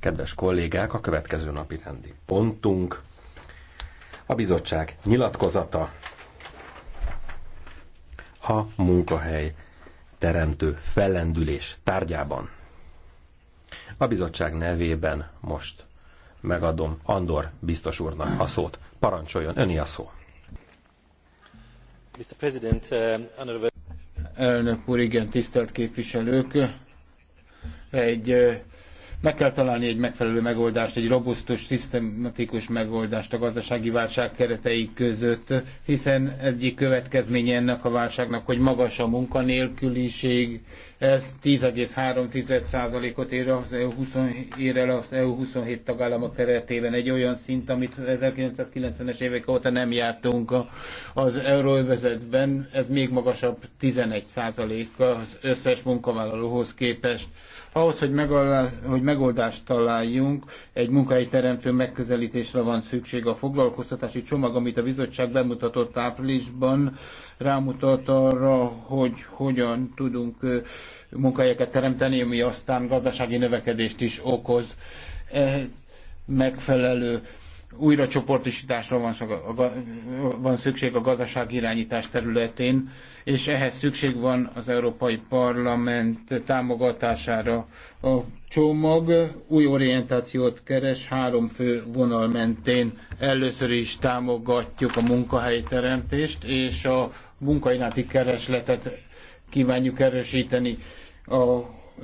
Kedves kollégák, a következő napi rendi pontunk a bizottság nyilatkozata a munkahely teremtő fellendülés tárgyában. A bizottság nevében most megadom Andor biztos úrnak a szót. Parancsoljon, öni a szó. Mr. President, uh, honorable... Elnök úr, igen, tisztelt képviselők. Egy, meg kell találni egy megfelelő megoldást, egy robusztus, szisztematikus megoldást a gazdasági válság keretei között, hiszen egyik következménye ennek a válságnak, hogy magas a munkanélküliség, ez 10,3%-ot ér, az EU 20, ér el az EU 27 tagállamok keretében egy olyan szint, amit 1990-es évek óta nem jártunk az euróövezetben. Ez még magasabb 11% az összes munkavállalóhoz képest. Ahhoz, hogy, megalá, hogy megoldást találjunk, egy munkahelyteremtő megközelítésre van szükség. A foglalkoztatási csomag, amit a bizottság bemutatott áprilisban, rámutat arra, hogy hogyan tudunk munkahelyeket teremteni, ami aztán gazdasági növekedést is okoz. Ehhez megfelelő újracsoportosításra van, van szükség a gazdaság irányítás területén, és ehhez szükség van az Európai Parlament támogatására. A csomag új orientációt keres három fő vonal mentén. Először is támogatjuk a munkahelyteremtést és a munka keresletet kívánjuk erősíteni. A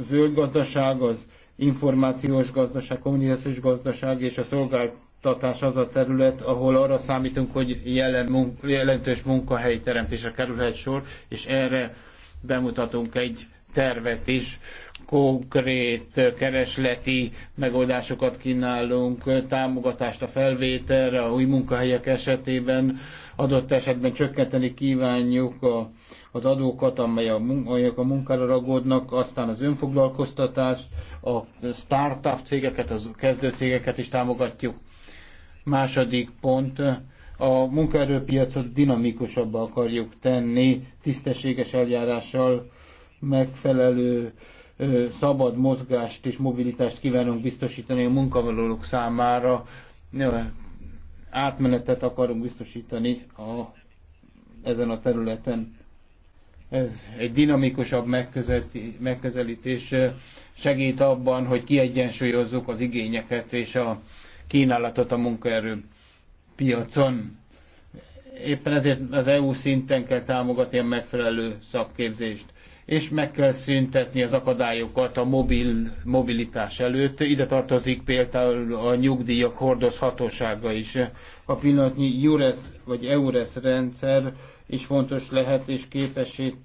zöld gazdaság, az információs gazdaság, kommunikációs gazdaság és a szolgáltatás az a terület, ahol arra számítunk, hogy jelen mun- jelentős munkahelyteremtésre kerülhet sor, és erre bemutatunk egy tervet is. Konkrét keresleti megoldásokat kínálunk, támogatást a felvételre, a új munkahelyek esetében, adott esetben csökkenteni kívánjuk a, az adókat, amely a, amelyek a munkára ragódnak, aztán az önfoglalkoztatást, a startup cégeket, az kezdő cégeket is támogatjuk. Második pont, a munkaerőpiacot dinamikusabbá akarjuk tenni tisztességes eljárással, megfelelő szabad mozgást és mobilitást kívánunk biztosítani a munkavállalók számára. Átmenetet akarunk biztosítani a, ezen a területen. Ez egy dinamikusabb megközelítés segít abban, hogy kiegyensúlyozzuk az igényeket és a kínálatot a munkaerő piacon. Éppen ezért az EU szinten kell támogatni a megfelelő szakképzést és meg kell szüntetni az akadályokat a mobil, mobilitás előtt. Ide tartozik például a nyugdíjak hordozhatósága is. A pillanatnyi EURES vagy EURES rendszer is fontos lehet, és képesít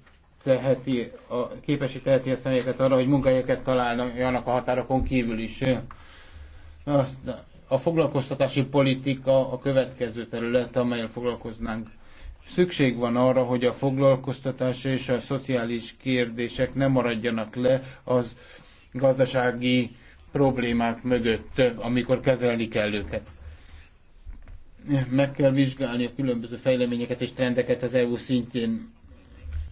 teheti a, képesi teheti a személyeket arra, hogy munkahelyeket találjanak a határokon kívül is. Azt, a foglalkoztatási politika a következő terület, amelyel foglalkoznánk. Szükség van arra, hogy a foglalkoztatás és a szociális kérdések ne maradjanak le az gazdasági problémák mögött, amikor kezelni kell őket. Meg kell vizsgálni a különböző fejleményeket és trendeket az EU szintjén.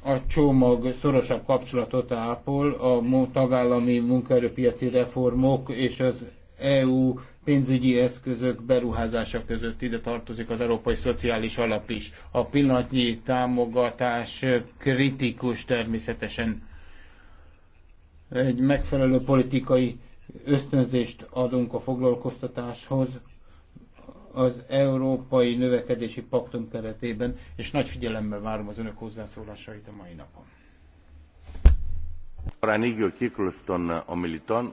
A csomag szorosabb kapcsolatot ápol a tagállami munkaerőpiaci reformok és az EU pénzügyi eszközök beruházása között ide tartozik az Európai Szociális Alap is. A pillanatnyi támogatás kritikus természetesen egy megfelelő politikai ösztönzést adunk a foglalkoztatáshoz az Európai Növekedési Paktum keretében, és nagy figyelemmel várom az önök hozzászólásait a mai napon. Τώρα ανοίγει ο κύκλος των ομιλητών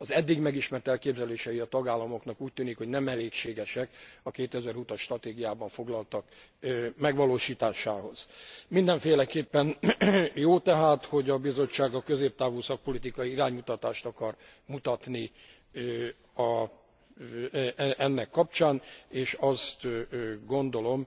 az eddig megismert elképzelései a tagállamoknak úgy tűnik hogy nem elégségesek a two thousand and twenty as stratégiában foglaltak megvalóstásához. mindenféleképpen jó tehát hogy a bizottság a középtávú szakpolitikai iránymutatást akar mutatni e, ennek kapcsán és azt gondolom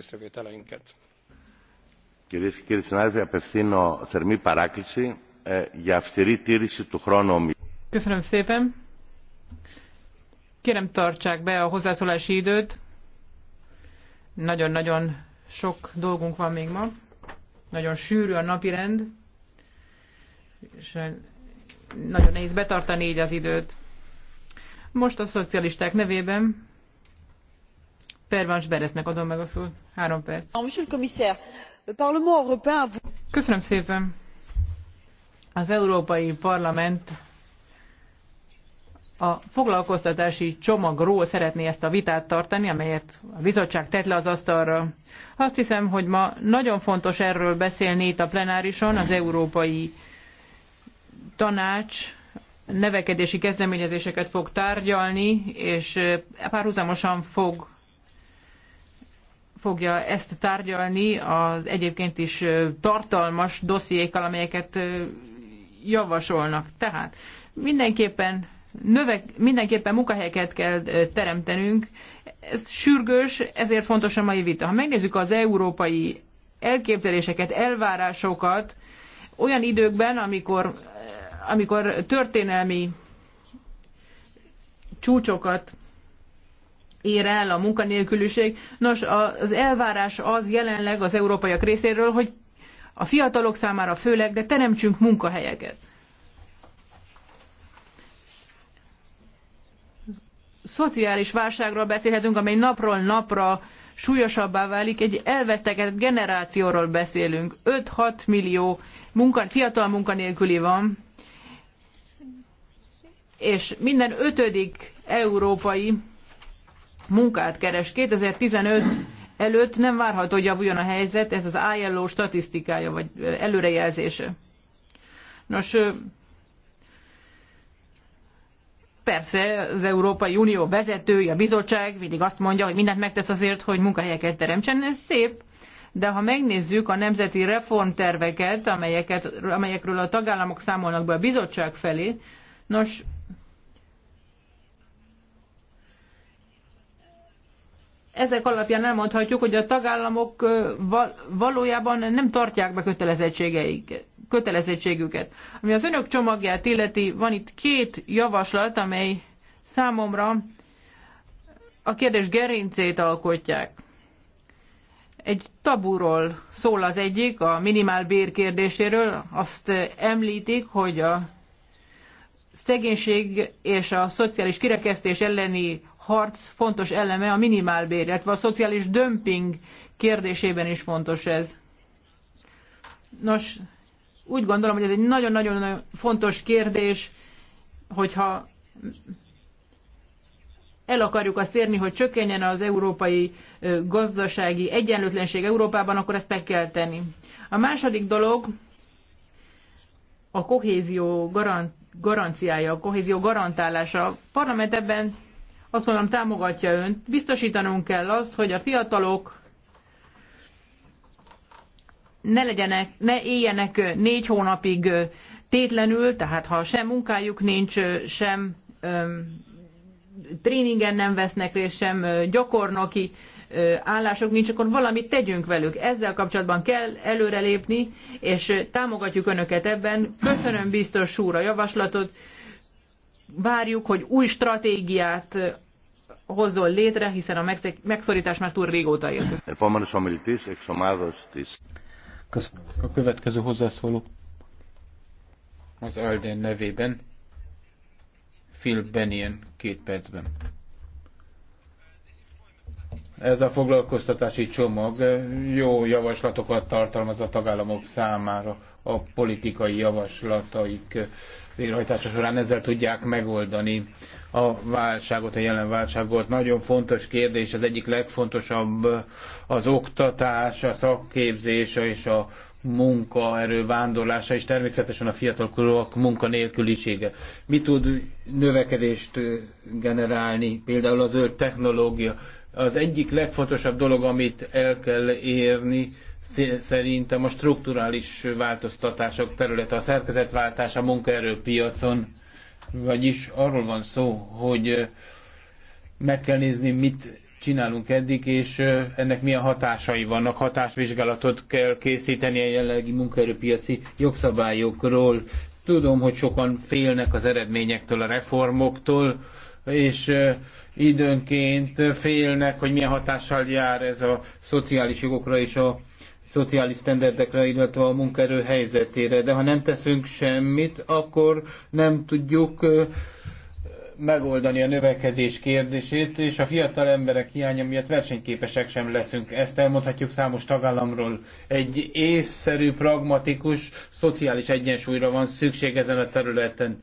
észrevételeinket. Κυρίες και κύριοι συνάδελφοι, απευθύνω θερμή παράκληση ε, για αυστηρή τήρηση του χρόνου. Kérem, tartsák be a hozzászólási időt. Nagyon-nagyon sok dolgunk van még ma. Nagyon sűrű a napi rend. És eh, nagyon nehéz betartani így az időt. Most a szocialisták nevében Pervans Bereznek adom meg a szót. Három perc. Köszönöm szépen. Az Európai Parlament a foglalkoztatási csomagról szeretné ezt a vitát tartani, amelyet a bizottság tett le az asztalra. Azt hiszem, hogy ma nagyon fontos erről beszélni itt a plenárison, az Európai Tanács nevekedési kezdeményezéseket fog tárgyalni, és párhuzamosan fog fogja ezt tárgyalni az egyébként is tartalmas dossziékkal, amelyeket javasolnak. Tehát mindenképpen, növek, mindenképpen munkahelyeket kell teremtenünk. Ez sürgős, ezért fontos a mai vita. Ha megnézzük az európai elképzeléseket, elvárásokat, olyan időkben, amikor, amikor történelmi csúcsokat ér el a munkanélküliség. Nos, az elvárás az jelenleg az európaiak részéről, hogy a fiatalok számára főleg, de teremtsünk munkahelyeket. Szociális válságról beszélhetünk, amely napról napra súlyosabbá válik, egy elvesztegetett generációról beszélünk. 5-6 millió munka, fiatal munkanélküli van, és minden ötödik európai munkát keres. 2015 előtt nem várható, hogy javuljon a helyzet, ez az ILO statisztikája, vagy előrejelzése. Nos, persze az Európai Unió vezetői a bizottság mindig azt mondja, hogy mindent megtesz azért, hogy munkahelyeket teremtsen, ez szép, de ha megnézzük a nemzeti reformterveket, amelyeket, amelyekről a tagállamok számolnak be a bizottság felé, nos, ezek alapján elmondhatjuk, hogy a tagállamok valójában nem tartják be kötelezettségeiket. kötelezettségüket. Ami az önök csomagját illeti, van itt két javaslat, amely számomra a kérdés gerincét alkotják. Egy tabúról szól az egyik, a minimál bér kérdéséről. Azt említik, hogy a szegénység és a szociális kirekesztés elleni harc fontos eleme a minimálbér, illetve a szociális dömping kérdésében is fontos ez. Nos, úgy gondolom, hogy ez egy nagyon-nagyon fontos kérdés, hogyha el akarjuk azt érni, hogy csökkenjen az európai gazdasági egyenlőtlenség Európában, akkor ezt meg kell tenni. A második dolog a kohézió garanciája, a kohézió garantálása. A parlament ebben azt mondom, támogatja önt. Biztosítanunk kell azt, hogy a fiatalok ne legyenek, ne éljenek négy hónapig tétlenül, tehát ha sem munkájuk nincs, sem öm, tréningen nem vesznek részt, sem gyakornoki állások nincs, akkor valamit tegyünk velük. Ezzel kapcsolatban kell előrelépni, és támogatjuk Önöket ebben. Köszönöm biztos úr a javaslatot várjuk, hogy új stratégiát hozzon létre, hiszen a megszorítás már túl régóta élt. Köszönöm. A következő hozzászóló az Alden nevében Phil Bennion két percben. Ez a foglalkoztatási csomag jó javaslatokat tartalmaz a tagállamok számára a politikai javaslataik végrehajtása során ezzel tudják megoldani a válságot, a jelen válságot. Nagyon fontos kérdés, az egyik legfontosabb az oktatás, a szakképzés és a munkaerő vándorlása, és természetesen a fiatalkorúak munkanélkülisége. Mi tud növekedést generálni, például az zöld technológia? Az egyik legfontosabb dolog, amit el kell érni, szerintem a strukturális változtatások területe, a szerkezetváltás a munkaerőpiacon, vagyis arról van szó, hogy meg kell nézni, mit csinálunk eddig, és ennek milyen hatásai vannak. Hatásvizsgálatot kell készíteni a jelenlegi munkaerőpiaci jogszabályokról. Tudom, hogy sokan félnek az eredményektől, a reformoktól, és időnként félnek, hogy milyen hatással jár ez a szociális jogokra és a szociális standardekre, illetve a munkaerő helyzetére. De ha nem teszünk semmit, akkor nem tudjuk megoldani a növekedés kérdését, és a fiatal emberek hiánya miatt versenyképesek sem leszünk. Ezt elmondhatjuk számos tagállamról. Egy észszerű, pragmatikus, szociális egyensúlyra van szükség ezen a területen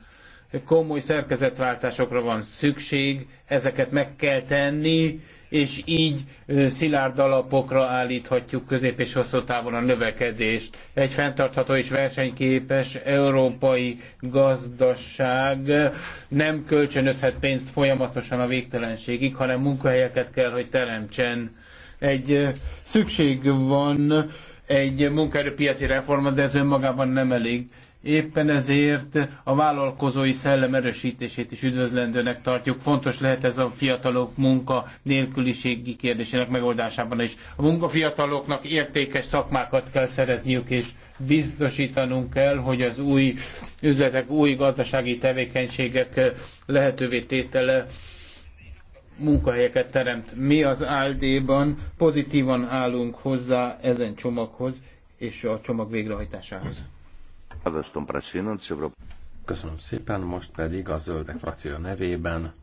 komoly szerkezetváltásokra van szükség, ezeket meg kell tenni, és így szilárd alapokra állíthatjuk közép és hosszú távon a növekedést. Egy fenntartható és versenyképes európai gazdaság nem kölcsönözhet pénzt folyamatosan a végtelenségig, hanem munkahelyeket kell, hogy teremtsen. Egy szükség van egy munkaerőpiaci reformra, de ez önmagában nem elég Éppen ezért a vállalkozói szellem erősítését is üdvözlendőnek tartjuk. Fontos lehet ez a fiatalok munka nélküliségi kérdésének megoldásában is. A munkafiataloknak értékes szakmákat kell szerezniük, és biztosítanunk kell, hogy az új üzletek, új gazdasági tevékenységek lehetővé tétele munkahelyeket teremt. Mi az ALD-ban pozitívan állunk hozzá ezen csomaghoz és a csomag végrehajtásához. Köszönöm szépen, most pedig a Zöldek frakció nevében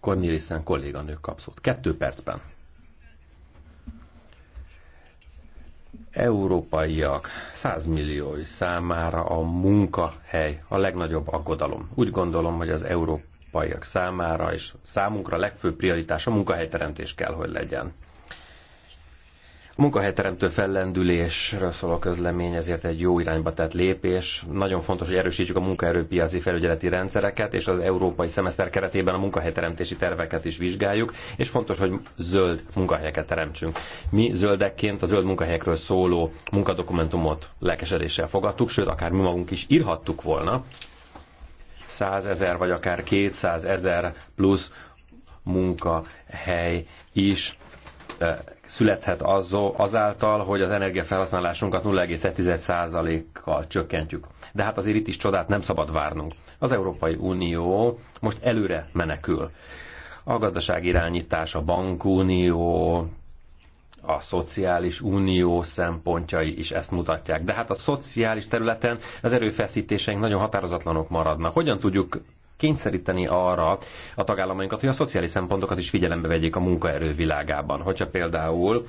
Cornelissen kolléganő kap szót. Kettő percben. Európaiak százmilliói számára a munkahely a legnagyobb aggodalom. Úgy gondolom, hogy az európaiak számára és számunkra legfőbb prioritás a munkahelyteremtés kell, hogy legyen. A munkahelyteremtő fellendülésről a közlemény ezért egy jó irányba tett lépés. Nagyon fontos, hogy erősítsük a munkaerőpiaci felügyeleti rendszereket, és az európai szemeszter keretében a munkahelyteremtési terveket is vizsgáljuk, és fontos, hogy zöld munkahelyeket teremtsünk. Mi zöldekként a zöld munkahelyekről szóló munkadokumentumot lelkesedéssel fogadtuk, sőt, akár mi magunk is írhattuk volna. 100 ezer vagy akár 200 ezer plusz munkahely is születhet azáltal, hogy az energiafelhasználásunkat 0,1%-kal csökkentjük. De hát azért itt is csodát nem szabad várnunk. Az Európai Unió most előre menekül. A gazdaság irányítás, a bankunió, a szociális unió szempontjai is ezt mutatják. De hát a szociális területen az erőfeszítéseink nagyon határozatlanok maradnak. Hogyan tudjuk kényszeríteni arra a tagállamainkat, hogy a szociális szempontokat is figyelembe vegyék a munkaerő világában. Hogyha például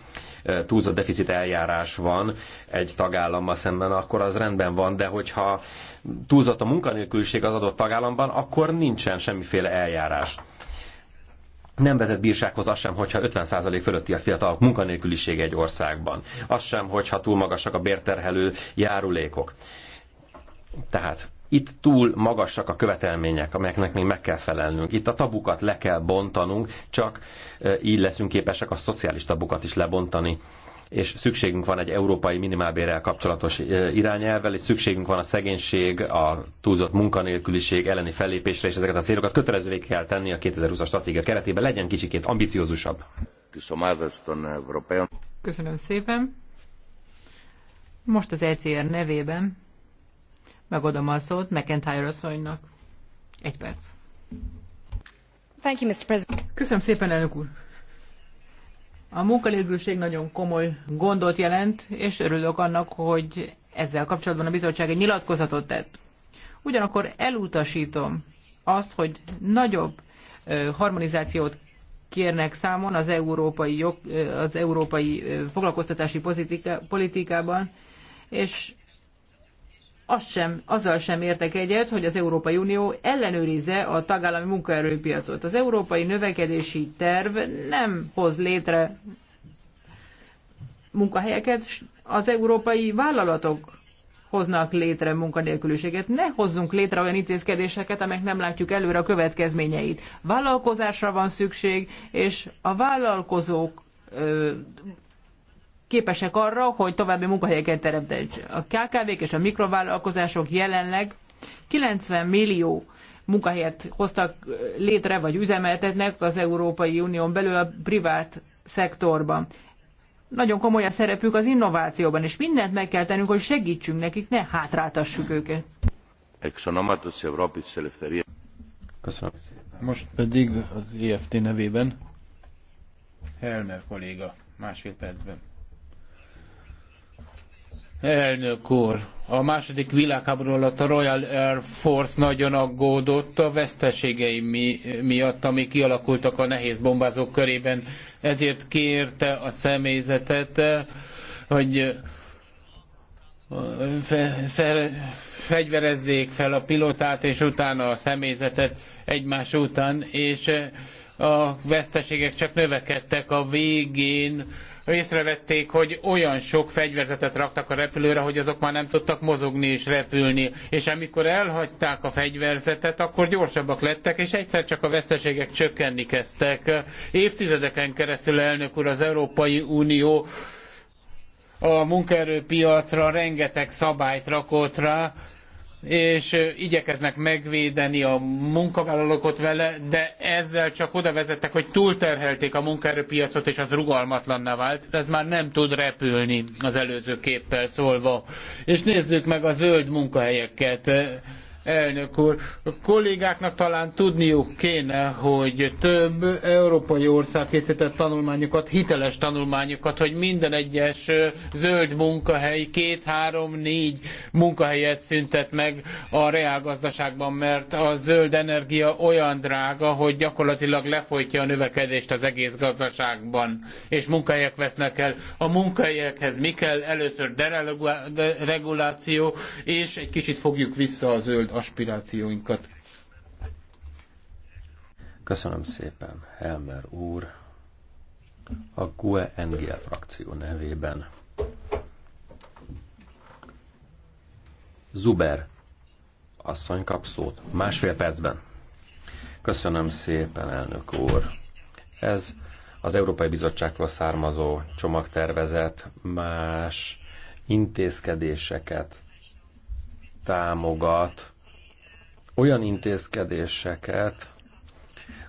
túlzott deficit eljárás van egy tagállammal szemben, akkor az rendben van, de hogyha túlzott a munkanélküliség az adott tagállamban, akkor nincsen semmiféle eljárás nem vezet bírsághoz az sem, hogyha 50% fölötti a fiatalok munkanélkülisége egy országban. Az sem, hogyha túl magasak a bérterhelő járulékok. Tehát itt túl magasak a követelmények, amelyeknek még meg kell felelnünk. Itt a tabukat le kell bontanunk, csak így leszünk képesek a szociális tabukat is lebontani és szükségünk van egy európai minimálbérrel kapcsolatos irányelvvel, és szükségünk van a szegénység, a túlzott munkanélküliség elleni fellépésre, és ezeket a célokat kötelezővé kell tenni a 2020-as stratégia keretében. Legyen kicsikét ambiciózusabb. Köszönöm szépen. Most az ECR nevében Megadom a szót McIntyre asszonynak. Egy perc. Thank you, Mr. President. Köszönöm szépen, elnök úr. A munkanélküliség nagyon komoly gondot jelent, és örülök annak, hogy ezzel kapcsolatban a bizottság egy nyilatkozatot tett. Ugyanakkor elutasítom azt, hogy nagyobb harmonizációt kérnek számon az európai, jog, az európai foglalkoztatási politika, politikában, és az sem, azzal sem értek egyet, hogy az Európai Unió ellenőrize a tagállami munkaerőpiacot. Az Európai Növekedési Terv nem hoz létre munkahelyeket, az európai vállalatok hoznak létre munkanélküliséget. Ne hozzunk létre olyan intézkedéseket, amelyek nem látjuk előre a következményeit. Vállalkozásra van szükség, és a vállalkozók képesek arra, hogy további munkahelyeket teremtsenek. A KKV-k és a mikrovállalkozások jelenleg 90 millió munkahelyet hoztak létre, vagy üzemeltetnek az Európai Unión belül a privát szektorban. Nagyon komoly a szerepük az innovációban, és mindent meg kell tennünk, hogy segítsünk nekik, ne hátráltassuk őket. Köszönöm. Most pedig az EFT nevében Helmer kolléga másfél percben. Elnök úr, a második világháború alatt a Royal Air Force nagyon aggódott a veszteségei mi, miatt, ami kialakultak a nehéz bombázók körében. Ezért kérte a személyzetet, eh, hogy eh, fegyverezzék fel a pilotát és utána a személyzetet egymás után, és eh, a veszteségek csak növekedtek a végén észrevették, hogy olyan sok fegyverzetet raktak a repülőre, hogy azok már nem tudtak mozogni és repülni. És amikor elhagyták a fegyverzetet, akkor gyorsabbak lettek, és egyszer csak a veszteségek csökkenni kezdtek. Évtizedeken keresztül, elnök úr, az Európai Unió a munkaerőpiacra rengeteg szabályt rakott rá, és igyekeznek megvédeni a munkavállalókat vele, de ezzel csak oda vezettek, hogy túlterhelték a munkaerőpiacot, és az rugalmatlanná vált. Ez már nem tud repülni az előző képpel szólva. És nézzük meg a zöld munkahelyeket. Elnök úr, a kollégáknak talán tudniuk kéne, hogy több európai ország készített tanulmányokat, hiteles tanulmányokat, hogy minden egyes zöld munkahely két, három, négy munkahelyet szüntet meg a reálgazdaságban, mert a zöld energia olyan drága, hogy gyakorlatilag lefolytja a növekedést az egész gazdaságban, és munkahelyek vesznek el. A munkahelyekhez mi kell? Először dereguláció, és egy kicsit fogjuk vissza a zöld aspirációinkat. Köszönöm szépen, Helmer úr. A GUE NGL frakció nevében. Zuber asszony kap szót. Másfél percben. Köszönöm szépen, elnök úr. Ez az Európai Bizottságtól származó csomagtervezet más intézkedéseket támogat olyan intézkedéseket,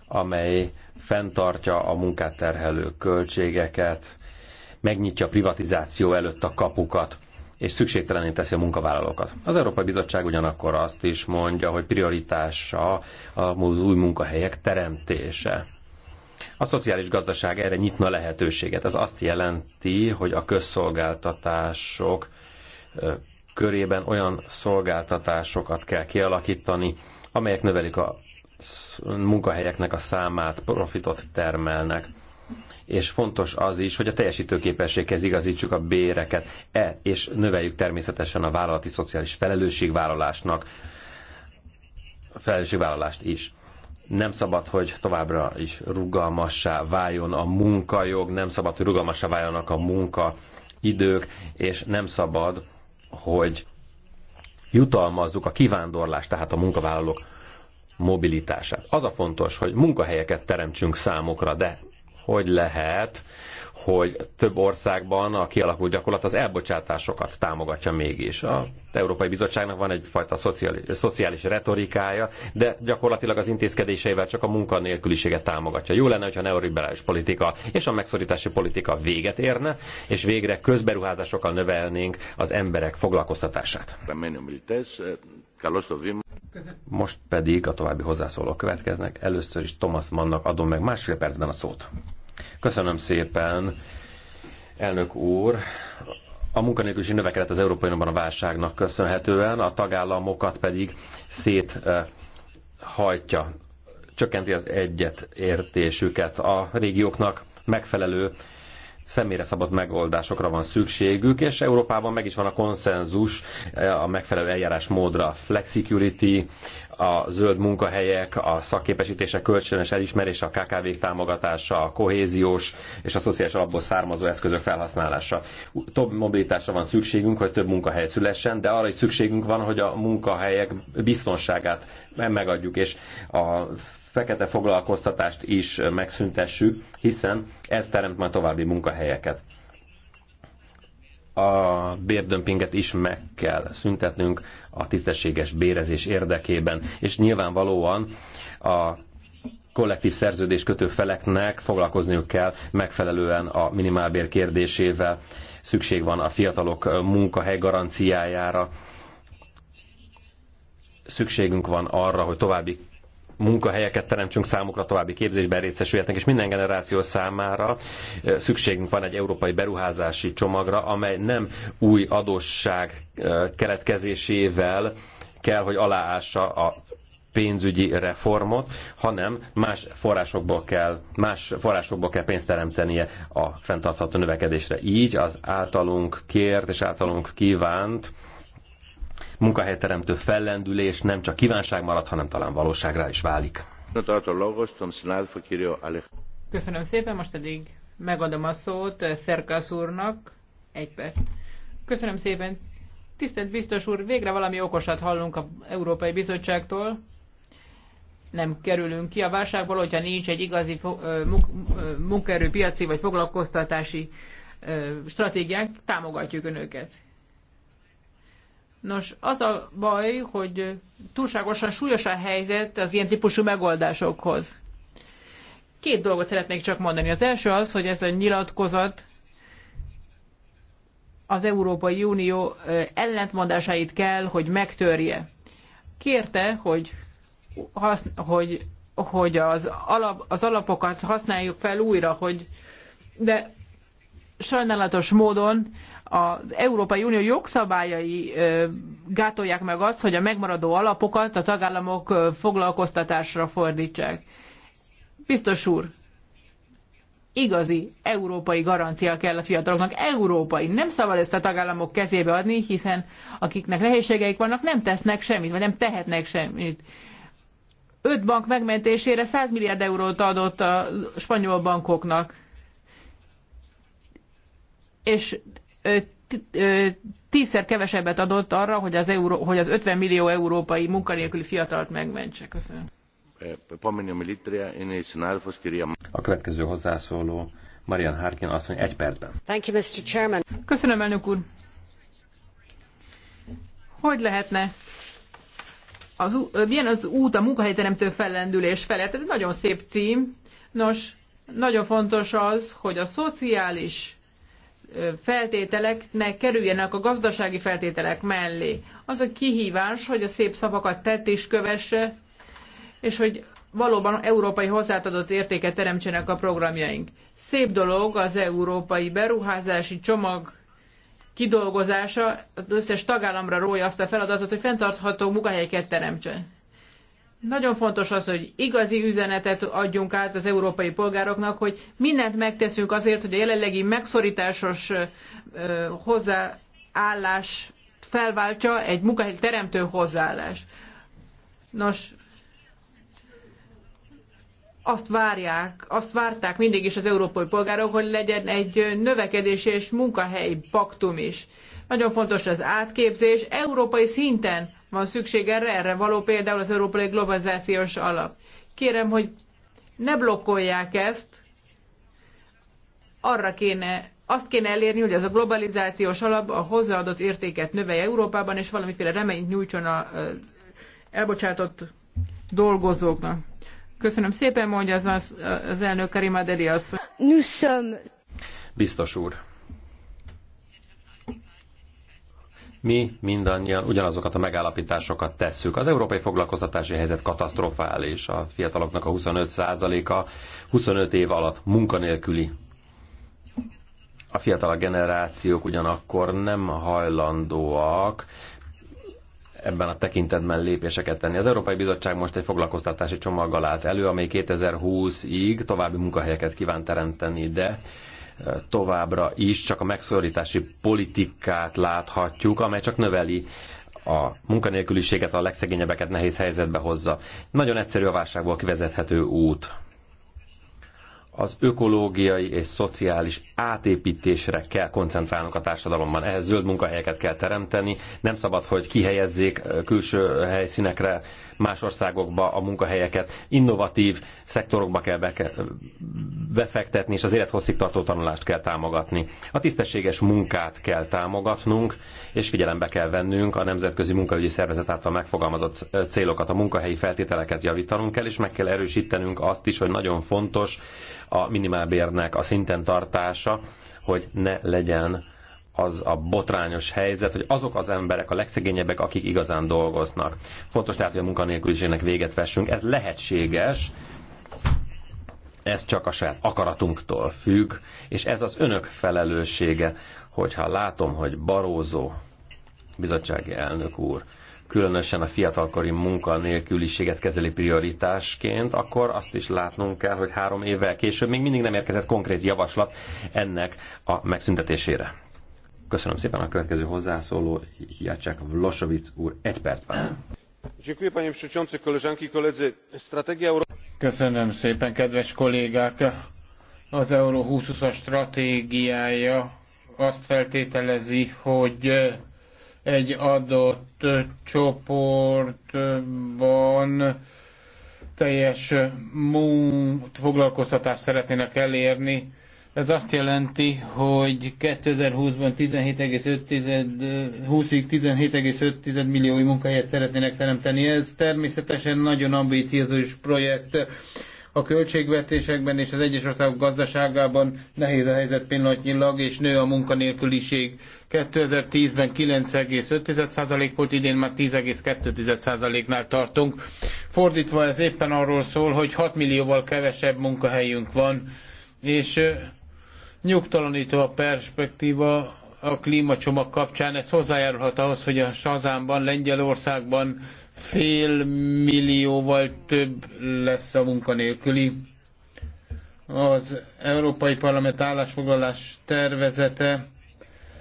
amely fenntartja a munkáterhelő költségeket, megnyitja a privatizáció előtt a kapukat, és szükségtelenén teszi a munkavállalókat. Az Európai Bizottság ugyanakkor azt is mondja, hogy prioritása az új munkahelyek teremtése. A szociális gazdaság erre nyitna lehetőséget. Ez azt jelenti, hogy a közszolgáltatások körében olyan szolgáltatásokat kell kialakítani, amelyek növelik a munkahelyeknek a számát, profitot termelnek. És fontos az is, hogy a teljesítőképességhez igazítsuk a béreket, e, és növeljük természetesen a vállalati szociális felelősségvállalásnak felelősségvállalást is. Nem szabad, hogy továbbra is rugalmassá váljon a munkajog, nem szabad, hogy rugalmassá váljanak a munkaidők, és nem szabad, hogy jutalmazzuk a kivándorlást, tehát a munkavállalók mobilitását. Az a fontos, hogy munkahelyeket teremtsünk számokra, de hogy lehet, hogy több országban a kialakult gyakorlat az elbocsátásokat támogatja mégis. A Európai Bizottságnak van egyfajta szociális, szociális retorikája, de gyakorlatilag az intézkedéseivel csak a munkanélküliséget támogatja. Jó lenne, hogyha a neoliberális politika és a megszorítási politika véget érne, és végre közberuházásokkal növelnénk az emberek foglalkoztatását. Most pedig a további hozzászólók következnek. Először is Thomas Mannnak adom meg másfél percben a szót. Köszönöm szépen, elnök úr. A munkanélküliség növekedett az Európai Unióban a válságnak köszönhetően, a tagállamokat pedig széthajtja, csökkenti az egyetértésüket. A régióknak megfelelő személyre szabott megoldásokra van szükségük, és Európában meg is van a konszenzus a megfelelő eljárásmódra, flexicurity, a zöld munkahelyek, a szakképesítések kölcsönös elismerése, a kkv támogatása, a kohéziós és a szociális alapból származó eszközök felhasználása. Több mobilitásra van szükségünk, hogy több munkahely szülessen, de arra is szükségünk van, hogy a munkahelyek biztonságát megadjuk, és a fekete foglalkoztatást is megszüntessük, hiszen ez teremt majd további munkahelyeket a bérdömpinget is meg kell szüntetnünk a tisztességes bérezés érdekében. És nyilvánvalóan a kollektív szerződés kötő feleknek foglalkozniuk kell megfelelően a minimálbér kérdésével. Szükség van a fiatalok munkahely garanciájára. Szükségünk van arra, hogy további munkahelyeket teremtsünk számukra, további képzésben részesülhetnek, és minden generáció számára eh, szükségünk van egy európai beruházási csomagra, amely nem új adósság eh, keletkezésével kell, hogy aláássa a pénzügyi reformot, hanem más forrásokból kell, más forrásokból kell pénzt teremtenie a fenntartható növekedésre. Így az általunk kért és általunk kívánt munkahelyteremtő fellendülés nem csak kívánság marad, hanem talán valóságra is válik. Köszönöm szépen, most pedig megadom a szót eh, Szerkas úrnak. Egy perc. Köszönöm szépen. Tisztelt biztos úr, végre valami okosat hallunk az Európai Bizottságtól. Nem kerülünk ki a válságból, hogyha nincs egy igazi eh, eh, munkaerőpiaci vagy foglalkoztatási stratégiánk, támogatjuk önöket. Nos, az a baj, hogy túlságosan súlyos a helyzet az ilyen típusú megoldásokhoz. Két dolgot szeretnék csak mondani. Az első az, hogy ez a nyilatkozat az Európai Unió ellentmondásait kell, hogy megtörje. Kérte, hogy, hasz, hogy, hogy az, alap, az alapokat használjuk fel újra, hogy de sajnálatos módon az Európai Unió jogszabályai gátolják meg azt, hogy a megmaradó alapokat a tagállamok foglalkoztatásra fordítsák. Biztos úr, igazi európai garancia kell a fiataloknak. Európai. Nem szabad ezt a tagállamok kezébe adni, hiszen akiknek nehézségeik vannak, nem tesznek semmit, vagy nem tehetnek semmit. Öt bank megmentésére 100 milliárd eurót adott a spanyol bankoknak. És tízszer kevesebbet adott arra, hogy az, euró, hogy az 50 millió európai munkanélküli fiatalt megmentse. Köszönöm. A következő hozzászóló Marian Harkin asszony egy percben. Thank you, Mr. Chairman. Köszönöm, elnök úr. Hogy lehetne az, milyen az út a munkahelyteremtő fellendülés felé? Ez egy nagyon szép cím. Nos, nagyon fontos az, hogy a szociális feltételeknek kerüljenek a gazdasági feltételek mellé. Az a kihívás, hogy a szép szavakat tett és kövesse, és hogy valóban európai hozzáadott értéket teremtsenek a programjaink. Szép dolog az európai beruházási csomag kidolgozása, az összes tagállamra rója azt a feladatot, hogy fenntartható munkahelyeket teremtsen. Nagyon fontos az, hogy igazi üzenetet adjunk át az európai polgároknak, hogy mindent megteszünk azért, hogy a jelenlegi megszorításos hozzáállás felváltsa egy munkahely teremtő hozzáállás. Nos, azt várják, azt várták mindig is az európai polgárok, hogy legyen egy növekedési és munkahelyi paktum is. Nagyon fontos az átképzés. Európai szinten van szükség erre, erre való például az Európai Globalizációs Alap. Kérem, hogy ne blokkolják ezt, arra kéne, azt kéne elérni, hogy az a globalizációs alap a hozzáadott értéket növelje Európában, és valamiféle reményt nyújtson a elbocsátott dolgozóknak. Köszönöm szépen, mondja az, az elnök Karima Deli asszony. Biztos úr, mi mindannyian ugyanazokat a megállapításokat tesszük. Az európai foglalkoztatási helyzet katasztrofális. A fiataloknak a 25%-a 25 év alatt munkanélküli. A fiatal generációk ugyanakkor nem hajlandóak ebben a tekintetben lépéseket tenni. Az Európai Bizottság most egy foglalkoztatási csomaggal állt elő, amely 2020-ig további munkahelyeket kíván teremteni, de továbbra is csak a megszorítási politikát láthatjuk, amely csak növeli a munkanélküliséget, a legszegényebbeket nehéz helyzetbe hozza. Nagyon egyszerű a válságból kivezethető út az ökológiai és szociális átépítésre kell koncentrálnunk a társadalomban. Ehhez zöld munkahelyeket kell teremteni, nem szabad, hogy kihelyezzék külső helyszínekre, más országokba a munkahelyeket, innovatív szektorokba kell befektetni, és az élethosszig tartó tanulást kell támogatni. A tisztességes munkát kell támogatnunk, és figyelembe kell vennünk a Nemzetközi Munkaügyi Szervezet által megfogalmazott célokat, a munkahelyi feltételeket javítanunk kell, és meg kell erősítenünk azt is, hogy nagyon fontos a minimálbérnek a szinten tartása, hogy ne legyen az a botrányos helyzet, hogy azok az emberek a legszegényebbek, akik igazán dolgoznak. Fontos tehát, hogy a munkanélküliségnek véget vessünk. Ez lehetséges, ez csak a saját akaratunktól függ, és ez az önök felelőssége, hogyha látom, hogy Barózó bizottsági elnök úr különösen a fiatalkori munkanélküliséget kezeli prioritásként, akkor azt is látnunk kell, hogy három évvel később még mindig nem érkezett konkrét javaslat ennek a megszüntetésére. Köszönöm szépen a következő hozzászóló, Jacek Vlosovic úr, egy van. Köszönöm szépen, kedves kollégák! Az Euró 2020-as stratégiája azt feltételezi, hogy egy adott csoportban teljes munkát, foglalkoztatást szeretnének elérni. Ez azt jelenti, hogy 2020-ban 17,5, 20-ig 17,5 millió új munkahelyet szeretnének teremteni. Ez természetesen nagyon ambíciózus projekt a költségvetésekben és az egyes országok gazdaságában nehéz a helyzet pillanatnyilag, és nő a munkanélküliség. 2010-ben 9,5% volt, idén már 10,2%-nál tartunk. Fordítva ez éppen arról szól, hogy 6 millióval kevesebb munkahelyünk van, és nyugtalanító a perspektíva a klímacsomag kapcsán. Ez hozzájárulhat ahhoz, hogy a Sazánban, Lengyelországban fél millióval több lesz a munkanélküli. Az Európai Parlament állásfoglalás tervezete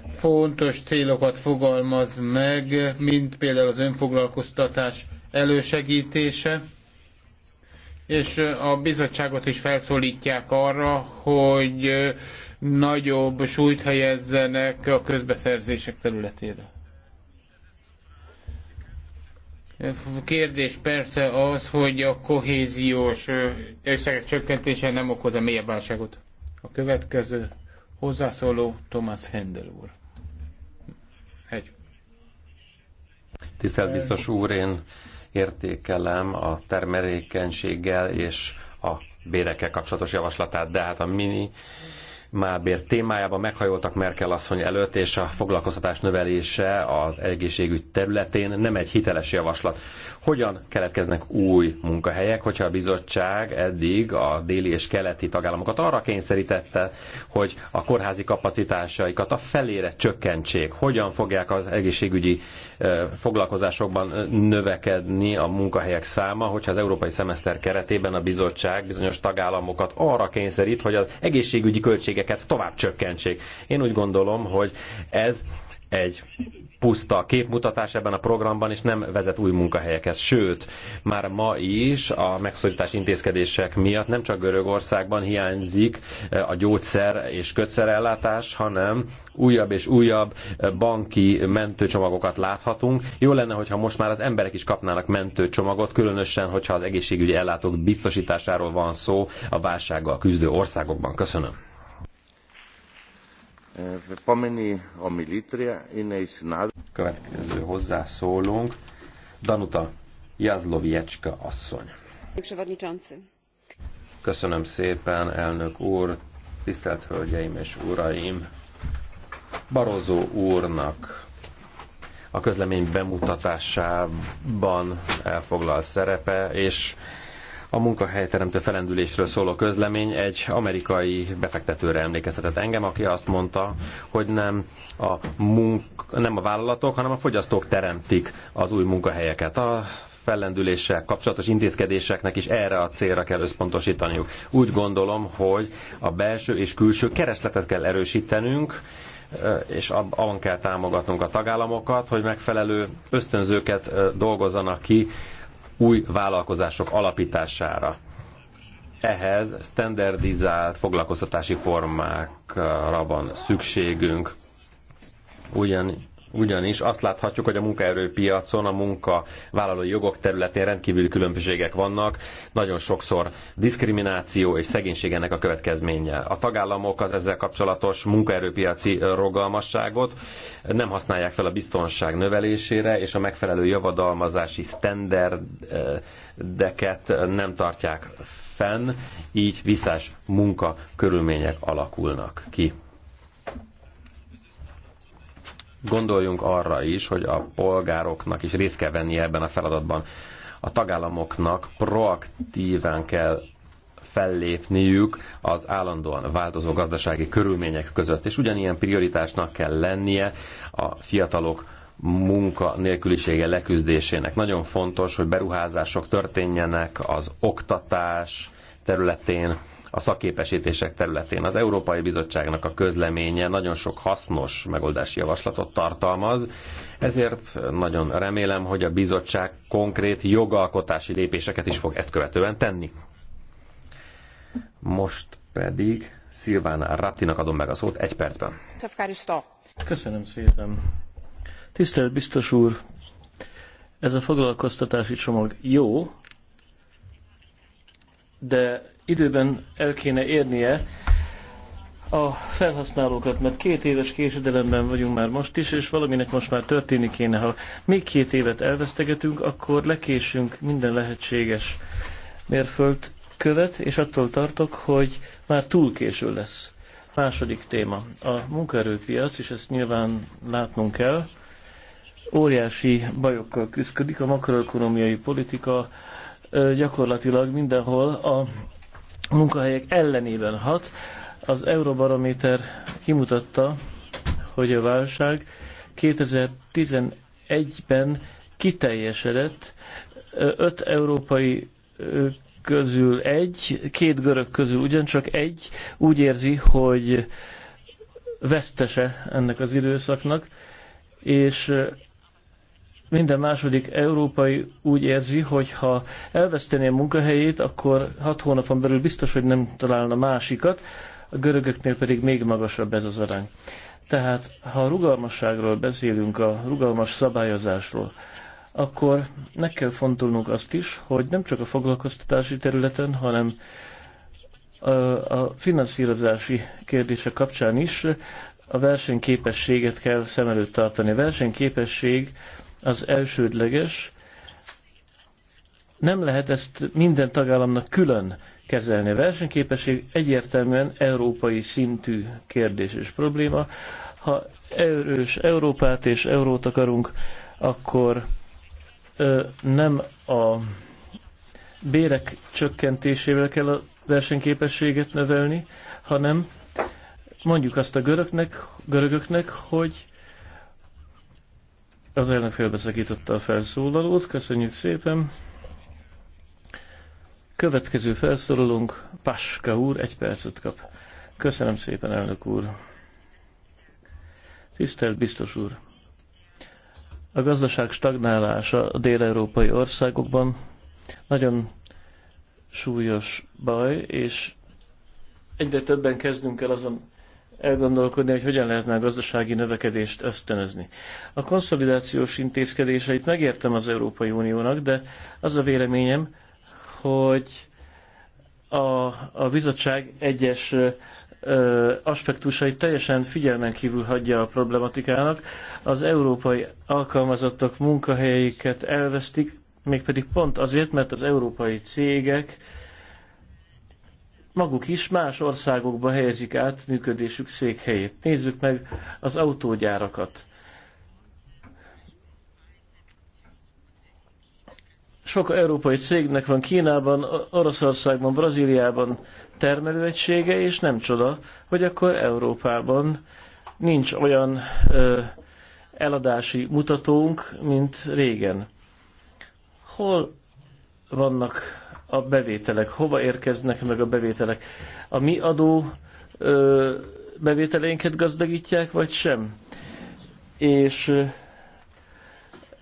fontos célokat fogalmaz meg, mint például az önfoglalkoztatás elősegítése és a bizottságot is felszólítják arra, hogy nagyobb súlyt helyezzenek a közbeszerzések területére. Kérdés persze az, hogy a kohéziós összegek csökkentése nem okoz-e mélyebb válságot. A következő hozzászóló Thomas Hendel úr. Egy. Tisztelt biztos úr, én értékelem a termelékenységgel és a bérekkel kapcsolatos javaslatát, de hát a mini mábér témájában meghajoltak Merkel asszony előtt, és a foglalkoztatás növelése az egészségügy területén nem egy hiteles javaslat. Hogyan keletkeznek új munkahelyek, hogyha a bizottság eddig a déli és keleti tagállamokat arra kényszerítette, hogy a kórházi kapacitásaikat a felére csökkentsék? Hogyan fogják az egészségügyi foglalkozásokban növekedni a munkahelyek száma, hogyha az európai szemeszter keretében a bizottság bizonyos tagállamokat arra kényszerít, hogy az egészségügyi költséget költségeket tovább csökkentsék. Én úgy gondolom, hogy ez egy puszta képmutatás ebben a programban, és nem vezet új munkahelyekhez. Sőt, már ma is a megszorítás intézkedések miatt nem csak Görögországban hiányzik eh, a gyógyszer és kötszerellátás, hanem újabb és újabb eh, banki mentőcsomagokat láthatunk. Jó lenne, hogyha most már az emberek is kapnának mentőcsomagot, különösen, hogyha az egészségügyi ellátók biztosításáról van szó a válsággal küzdő országokban. Köszönöm. Következő hozzászólónk, Danuta Jazloviecska asszony. Köszönöm szépen, elnök úr, tisztelt hölgyeim és uraim. Barozó úrnak a közlemény bemutatásában elfoglal szerepe, és a munkahelyteremtő felendülésről szóló közlemény egy amerikai befektetőre emlékeztetett engem, aki azt mondta, hogy nem a, munk, nem a vállalatok, hanem a fogyasztók teremtik az új munkahelyeket. A fellendüléssel kapcsolatos intézkedéseknek is erre a célra kell összpontosítaniuk. Úgy gondolom, hogy a belső és külső keresletet kell erősítenünk, és abban kell támogatnunk a tagállamokat, hogy megfelelő ösztönzőket dolgozzanak ki új vállalkozások alapítására. Ehhez standardizált foglalkoztatási formákra van szükségünk, ugyan ugyanis azt láthatjuk, hogy a munkaerőpiacon, a munkavállalói jogok területén rendkívüli különbségek vannak, nagyon sokszor diszkrimináció és szegénység ennek a következménye. A tagállamok az ezzel kapcsolatos munkaerőpiaci rogalmasságot nem használják fel a biztonság növelésére, és a megfelelő javadalmazási sztenderdeket nem tartják fenn, így visszás munka körülmények alakulnak ki. Gondoljunk arra is, hogy a polgároknak is részt kell venni ebben a feladatban. A tagállamoknak proaktíven kell fellépniük az állandóan változó gazdasági körülmények között, és ugyanilyen prioritásnak kell lennie a fiatalok munka nélkülisége leküzdésének. Nagyon fontos, hogy beruházások történjenek az oktatás területén, a szakképesítések területén. Az Európai Bizottságnak a közleménye nagyon sok hasznos megoldási javaslatot tartalmaz, ezért nagyon remélem, hogy a bizottság konkrét jogalkotási lépéseket is fog ezt követően tenni. Most pedig Szilván Rattinak adom meg a szót egy percben. Köszönöm szépen. Tisztelt biztos úr, ez a foglalkoztatási csomag jó, de időben el kéne érnie a felhasználókat, mert két éves késedelemben vagyunk már most is, és valaminek most már történni kéne. Ha még két évet elvesztegetünk, akkor lekésünk minden lehetséges mérföld követ, és attól tartok, hogy már túl késő lesz. Második téma. A munkaerőpiac, és ezt nyilván látnunk kell, óriási bajokkal küzdik. A makroekonomiai politika gyakorlatilag mindenhol a munkahelyek ellenében hat. Az Eurobarométer kimutatta, hogy a válság 2011-ben kiteljesedett, öt európai közül egy, két görög közül ugyancsak egy úgy érzi, hogy vesztese ennek az időszaknak, és minden második európai úgy érzi, hogy ha elvesztené a munkahelyét, akkor hat hónapon belül biztos, hogy nem találna másikat, a görögöknél pedig még magasabb ez az arány. Tehát, ha a rugalmasságról beszélünk, a rugalmas szabályozásról, akkor meg kell fontolnunk azt is, hogy nem csak a foglalkoztatási területen, hanem a finanszírozási kérdése kapcsán is a versenyképességet kell szem előtt tartani. A versenyképesség az elsődleges. Nem lehet ezt minden tagállamnak külön kezelni. A versenyképesség egyértelműen európai szintű kérdés és probléma. Ha erős Európát és eurót akarunk, akkor ö, nem a bérek csökkentésével kell a versenyképességet növelni, hanem mondjuk azt a göröknek, görögöknek, hogy az elnök félbeszakította a felszólalót. Köszönjük szépen. Következő felszólalónk Paska úr egy percet kap. Köszönöm szépen, elnök úr. Tisztelt biztos úr! A gazdaság stagnálása a dél-európai országokban nagyon súlyos baj, és egyre többen kezdünk el azon elgondolkodni, hogy hogyan lehetne a gazdasági növekedést ösztönözni. A konszolidációs intézkedéseit megértem az Európai Uniónak, de az a véleményem, hogy a, a bizottság egyes aspektusait teljesen figyelmen kívül hagyja a problematikának. Az európai alkalmazottak munkahelyeiket elvesztik, mégpedig pont azért, mert az európai cégek maguk is más országokba helyezik át működésük székhelyét. Nézzük meg az autógyárakat. Sok európai cégnek van Kínában, Oroszországban, Brazíliában termelőegysége, és nem csoda, hogy akkor Európában nincs olyan ö, eladási mutatónk, mint régen. Hol vannak a bevételek, hova érkeznek meg a bevételek. A mi adó ö, bevételeinket gazdagítják, vagy sem. És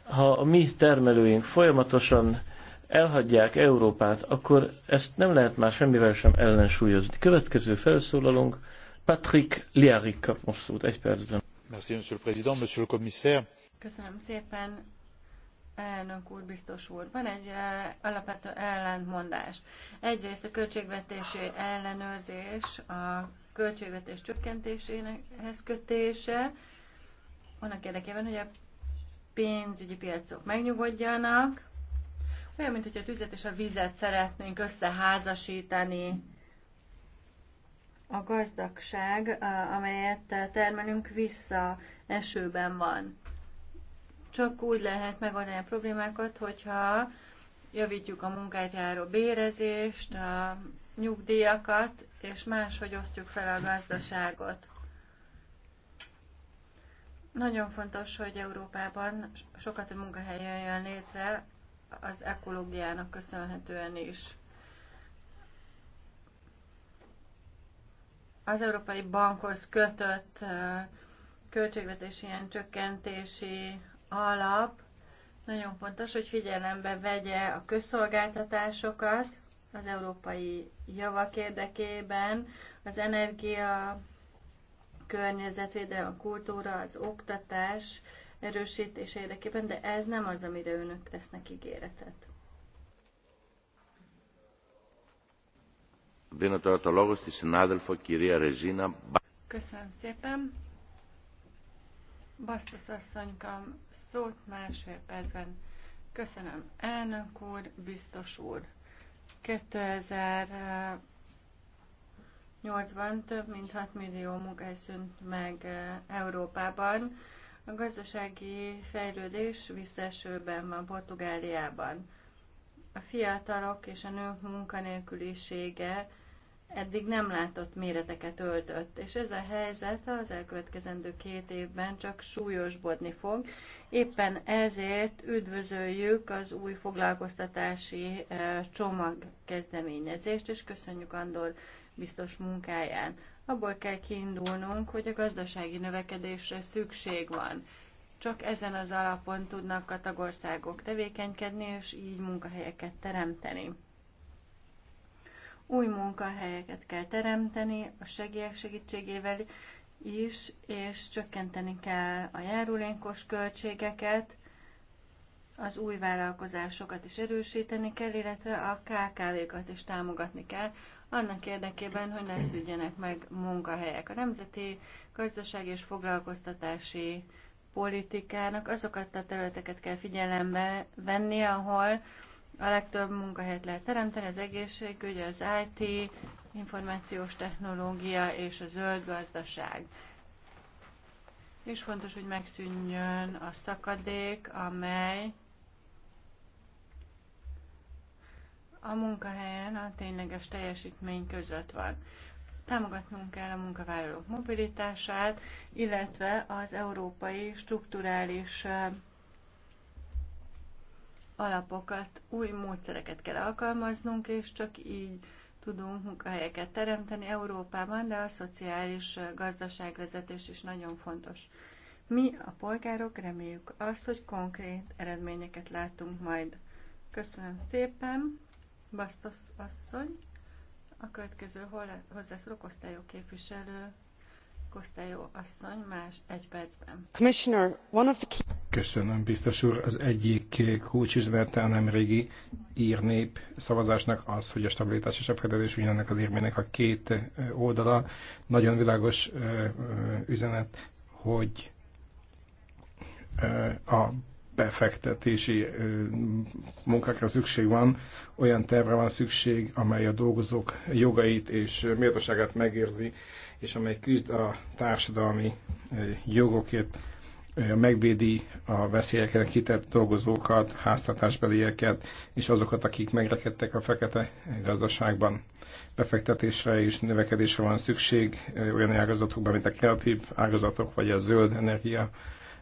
ha a mi termelőink folyamatosan elhagyják Európát, akkor ezt nem lehet már semmivel sem ellensúlyozni. Következő felszólalunk, Patrick Liarik kap most szót egy percben. Merci, monsieur le président, monsieur le commissaire. Köszönöm szépen, Elnök úr, biztos úr, van egy eh, alapvető ellentmondás. Egyrészt a költségvetési ellenőrzés a költségvetés csökkentéséhez kötése, annak érdekében, hogy a pénzügyi piacok megnyugodjanak, olyan, mint hogy a tüzet és a vizet szeretnénk összeházasítani. A gazdagság, eh, amelyet termelünk, vissza esőben van. Csak úgy lehet megoldani a problémákat, hogyha javítjuk a munkát járó bérezést, a nyugdíjakat, és máshogy osztjuk fel a gazdaságot. Nagyon fontos, hogy Európában sokat a munkahely jön létre az ekológiának köszönhetően is. Az Európai Bankhoz kötött költségvetési ilyen csökkentési alap nagyon fontos, hogy figyelembe vegye a közszolgáltatásokat az európai javak érdekében, az energia, környezetvédelem, a kultúra, az oktatás erősítés érdekében, de ez nem az, amire önök tesznek ígéretet. Köszönöm szépen. Basztusz asszony szót másfél percben. Köszönöm, elnök úr, biztos úr. 2008-ban több mint 6 millió munkahely szűnt meg eh, Európában. A gazdasági fejlődés visszaesőben van Portugáliában. A fiatalok és a nők munkanélkülisége eddig nem látott méreteket öltött, és ez a helyzet az elkövetkezendő két évben csak súlyosbodni fog. Éppen ezért üdvözöljük az új foglalkoztatási eh, csomag kezdeményezést, és köszönjük Andor biztos munkáján. Abból kell kiindulnunk, hogy a gazdasági növekedésre szükség van. Csak ezen az alapon tudnak a tagországok tevékenykedni, és így munkahelyeket teremteni. Új munkahelyeket kell teremteni a segélyek segítségével is, és csökkenteni kell a járulékos költségeket, az új vállalkozásokat is erősíteni kell, illetve a KKV-kat is támogatni kell, annak érdekében, hogy ne szűnjenek meg munkahelyek. A nemzeti gazdasági és foglalkoztatási politikának azokat a területeket kell figyelembe venni, ahol a legtöbb munkahelyet lehet teremteni, az egészségügy, az IT, információs technológia és a zöld gazdaság. És fontos, hogy megszűnjön a szakadék, amely a munkahelyen a tényleges teljesítmény között van. Támogatnunk kell a munkavállalók mobilitását, illetve az európai strukturális alapokat, új módszereket kell alkalmaznunk, és csak így tudunk munkahelyeket teremteni Európában, de a szociális gazdaságvezetés is nagyon fontos. Mi, a polgárok reméljük azt, hogy konkrét eredményeket látunk majd. Köszönöm szépen, Bastos asszony. A következő hozzászóló Kosztályó képviselő, Kosztályó asszony, más egy percben. Commissioner, one of the key... Köszönöm, biztos úr. Az egyik kulcsüzenete a nemrégi írnép szavazásnak az, hogy a stabilitás és a fejlődés ugyanennek az érmének a két oldala. Nagyon világos üzenet, hogy a befektetési munkákra szükség van, olyan tervre van szükség, amely a dolgozók jogait és méltóságát megérzi, és amely küzd a társadalmi jogokért, megvédi a veszélyekre kitett dolgozókat, háztartásbelieket és azokat, akik megrekedtek a fekete gazdaságban. Befektetésre és növekedésre van szükség olyan ágazatokban, mint a kreatív ágazatok vagy a zöld energia.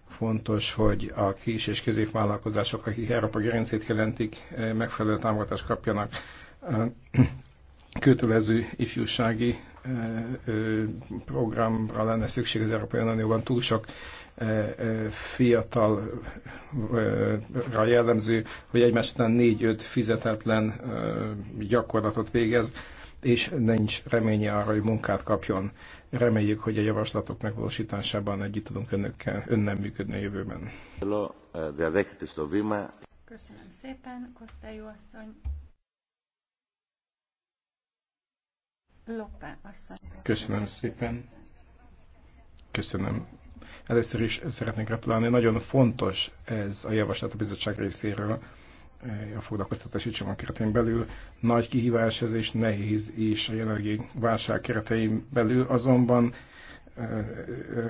Fontos, hogy a kis és középvállalkozások, akik Európa gerincét jelentik, megfelelő támogatást kapjanak kötelező ifjúsági eh, eh, programra lenne szükség az Európai Unióban túl sok eh, fiatalra jellemző, hogy egymás után négy-öt fizetetlen gyakorlatot végez, és nincs reménye arra, hogy munkát kapjon. Reméljük, hogy a javaslatok megvalósításában együtt tudunk önökkel, önnem működni a jövőben. Köszönöm szépen, Kosztályó asszony. asszony. Köszönöm szépen. Köszönöm. Először is szeretnék gratulálni. Nagyon fontos ez a javaslat a bizottság részéről eh, a foglalkoztatási csomag keretén belül. Nagy kihívás ez és nehéz is a jelenlegi válság keretein belül, azonban eh, eh,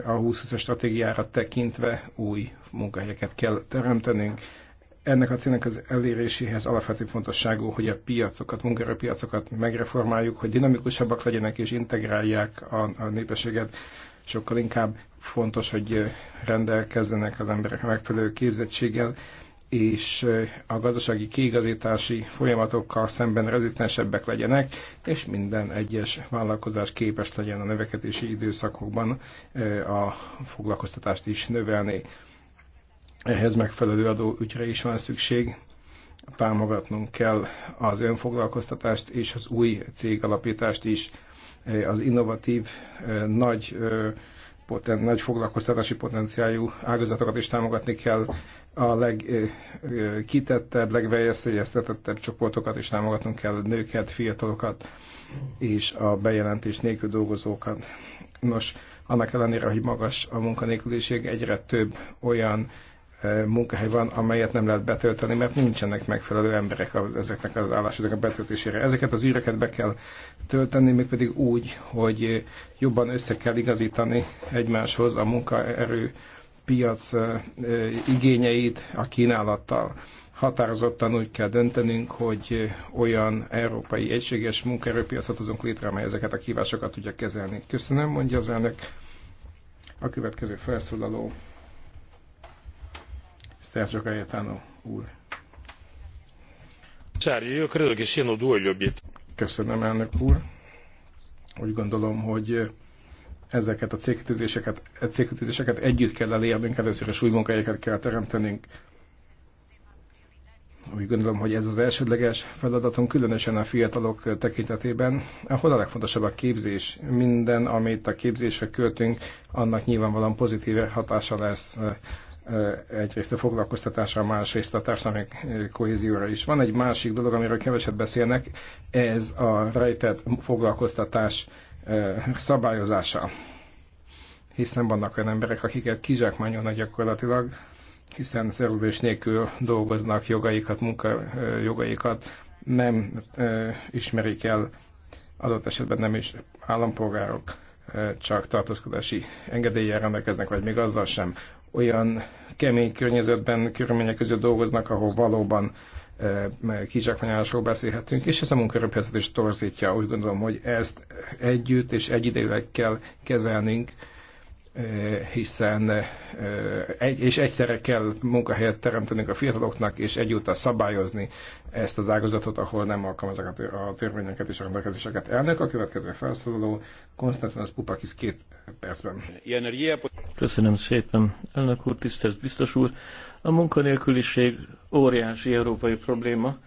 a 2020-as stratégiára tekintve új munkahelyeket kell teremtenünk, ennek a célnak az eléréséhez alapvető fontosságú, hogy a piacokat, munkaerőpiacokat megreformáljuk, hogy dinamikusabbak legyenek és integrálják a, a népességet. Sokkal inkább fontos, hogy rendelkezzenek az emberek megfelelő képzettséggel, és a gazdasági kiigazítási folyamatokkal szemben rezisztensebbek legyenek, és minden egyes vállalkozás képes legyen a növekedési időszakokban eh, a foglalkoztatást is növelni ehhez megfelelő adóügyre is van szükség. Támogatnunk kell az önfoglalkoztatást és az új cégalapítást is, az innovatív, eh, nagy, eh, poten, nagy foglalkoztatási potenciájú ágazatokat is támogatni kell, a legkitettebb, eh, legveszélyeztetettebb csoportokat is támogatnunk kell, nőket, fiatalokat és a bejelentés nélkül dolgozókat. Nos, annak ellenére, hogy magas a munkanélküliség, egyre több olyan munkahely van, amelyet nem lehet betölteni, mert nincsenek megfelelő emberek ezeknek az állásoknak a betöltésére. Ezeket az űreket be kell tölteni, mégpedig úgy, hogy jobban össze kell igazítani egymáshoz a munkaerő piac igényeit a kínálattal. Határozottan úgy kell döntenünk, hogy olyan európai egységes munkaerőpiacot azunk létre, amely ezeket a kívásokat tudja kezelni. Köszönöm, mondja az elnök. A következő felszólaló Sergio Cayetano úr. Köszönöm, elnök úr. Úgy gondolom, hogy ezeket a cégkötőzéseket, e cégkötőzéseket együtt kell elérnünk, először is új munkahelyeket kell teremtenünk. Úgy gondolom, hogy ez az elsődleges feladatunk, különösen a fiatalok tekintetében, ahol a legfontosabb a képzés. Minden, amit a képzésre költünk, annak nyilvánvalóan pozitív hatása lesz egyrészt a foglalkoztatásra, másrészt a társadalmi kohézióra is. Van egy másik dolog, amiről keveset beszélnek, ez a rejtett foglalkoztatás szabályozása. Hiszen vannak olyan emberek, akiket kizsákmányolnak gyakorlatilag, hiszen szerződés nélkül dolgoznak jogaikat, munkajogaikat, nem e, ismerik el, adott esetben nem is állampolgárok, e, csak tartózkodási engedéllyel rendelkeznek, vagy még azzal sem olyan kemény környezetben, körülmények között dolgoznak, ahol valóban eh, kizsákmányolásról beszélhetünk, és ez a munkaerőpiacot is torzítja. Úgy gondolom, hogy ezt együtt és egyidejűleg kell kezelnünk, hiszen eh, egy, és egyszerre kell munkahelyet teremtenünk a fiataloknak, és egyúttal szabályozni ezt az ágazatot, ahol nem alkalmazzák a törvényeket és a rendelkezéseket. Elnök a következő felszólaló, Konstantinos Pupakis két percben. Köszönöm szépen, elnök úr, tisztelt biztos úr. A munkanélküliség óriási európai probléma,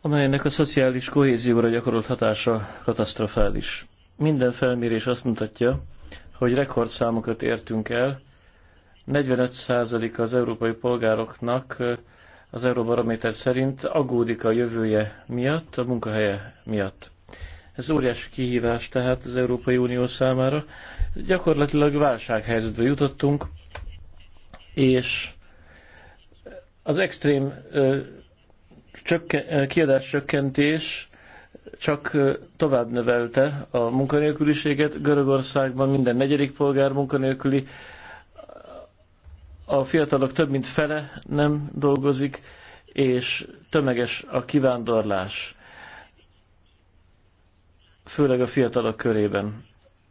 amelynek a szociális kohézióra gyakorolt hatása katasztrofális. Minden felmérés azt mutatja, hogy rekordszámokat értünk el. 45% az európai polgároknak az Euróbarométer szerint aggódik a jövője miatt, a munkahelye miatt. Ez óriási kihívás tehát az Európai Unió számára. Gyakorlatilag válsághelyzetbe jutottunk, és az extrém ö, kiadás csökkentés csak tovább növelte a munkanélküliséget. Görögországban minden negyedik polgár munkanélküli, a fiatalok több mint fele nem dolgozik, és tömeges a kivándorlás, főleg a fiatalok körében.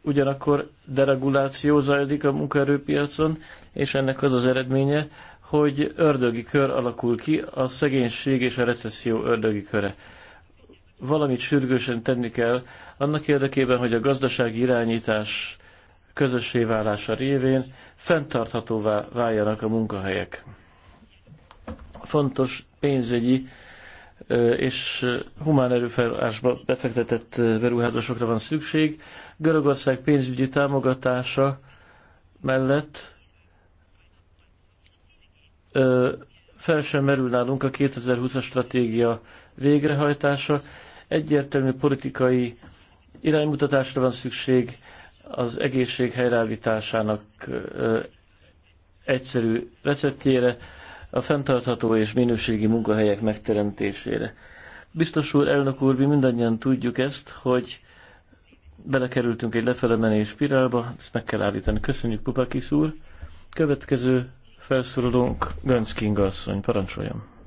Ugyanakkor dereguláció zajlik a munkaerőpiacon, és ennek az az eredménye, hogy ördögi kör alakul ki, a szegénység és a recesszió ördögi köre valamit sürgősen tenni kell annak érdekében, hogy a gazdasági irányítás közössé válása révén fenntarthatóvá váljanak a munkahelyek. Fontos pénzügyi és humán erőforrásba befektetett beruházásokra van szükség. Görögország pénzügyi támogatása mellett fel sem merül nálunk a 2020-as stratégia végrehajtása, Egyértelmű politikai iránymutatásra van szükség az egészség helyreállításának egyszerű receptjére, a fenntartható és minőségi munkahelyek megteremtésére. Biztos úr, elnök úr, mi mindannyian tudjuk ezt, hogy belekerültünk egy menés spirálba, ezt meg kell állítani. Köszönjük, Pupakis úr. Következő felszólalónk Gönc Kinga asszony, parancsoljam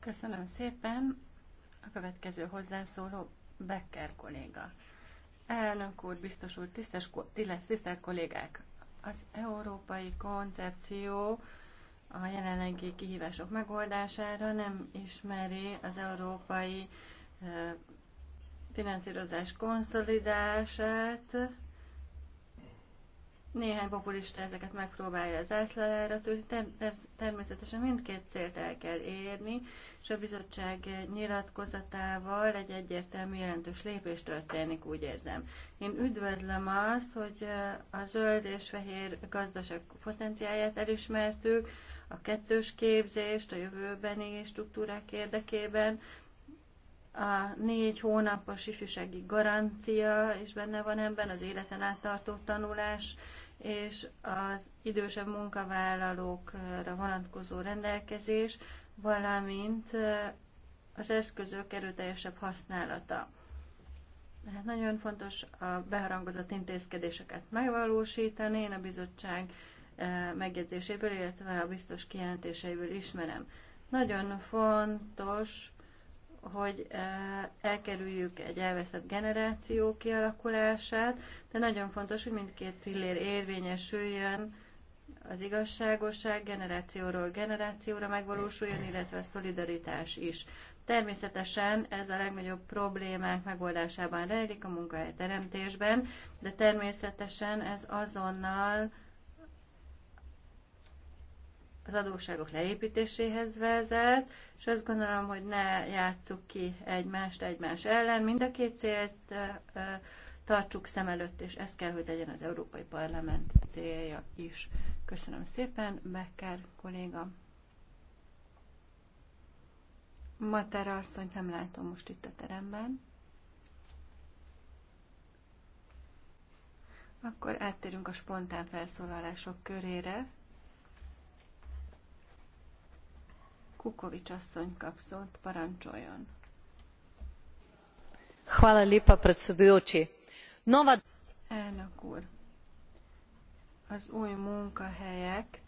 Köszönöm szépen. A következő hozzászóló Becker kolléga. Elnök úr, biztos úr, tisztes, tisztelt kollégák! Az európai koncepció a jelenlegi kihívások megoldására nem ismeri az európai finanszírozás konszolidását, néhány populista ezeket megpróbálja az ászlalára tűrni, természetesen mindkét célt el kell érni, és a bizottság nyilatkozatával egy egyértelmű jelentős lépés történik, úgy érzem. Én üdvözlöm azt, hogy a zöld és fehér gazdaság potenciáját elismertük, a kettős képzést a jövőbeni struktúrák érdekében, a négy hónapos ifjúsági garancia is benne van ebben, az életen át tartó tanulás és az idősebb munkavállalókra vonatkozó rendelkezés, valamint az eszközök erőteljesebb használata. Hát nagyon fontos a beharangozott intézkedéseket megvalósítani, én a bizottság megjegyzéséből, illetve a biztos kijelentéseiből ismerem. Nagyon fontos hogy elkerüljük egy elveszett generáció kialakulását, de nagyon fontos, hogy mindkét pillér érvényesüljön, az igazságosság generációról generációra megvalósuljon, illetve a szolidaritás is. Természetesen ez a legnagyobb problémák megoldásában rejlik a munkahelyteremtésben, de természetesen ez azonnal az adósságok leépítéséhez vezet, és azt gondolom, hogy ne játsszuk ki egymást egymás ellen, mind a két célt tartsuk szem előtt, és ez kell, hogy legyen az Európai Parlament célja is. Köszönöm szépen, Becker kolléga. Matera asszonyt nem látom most itt a teremben. Akkor áttérünk a spontán felszólalások körére. Kukovics asszony kap szót, parancsoljon. Hvala lepa, predsedujoči. Nova... Elnök úr, az új munkahelyek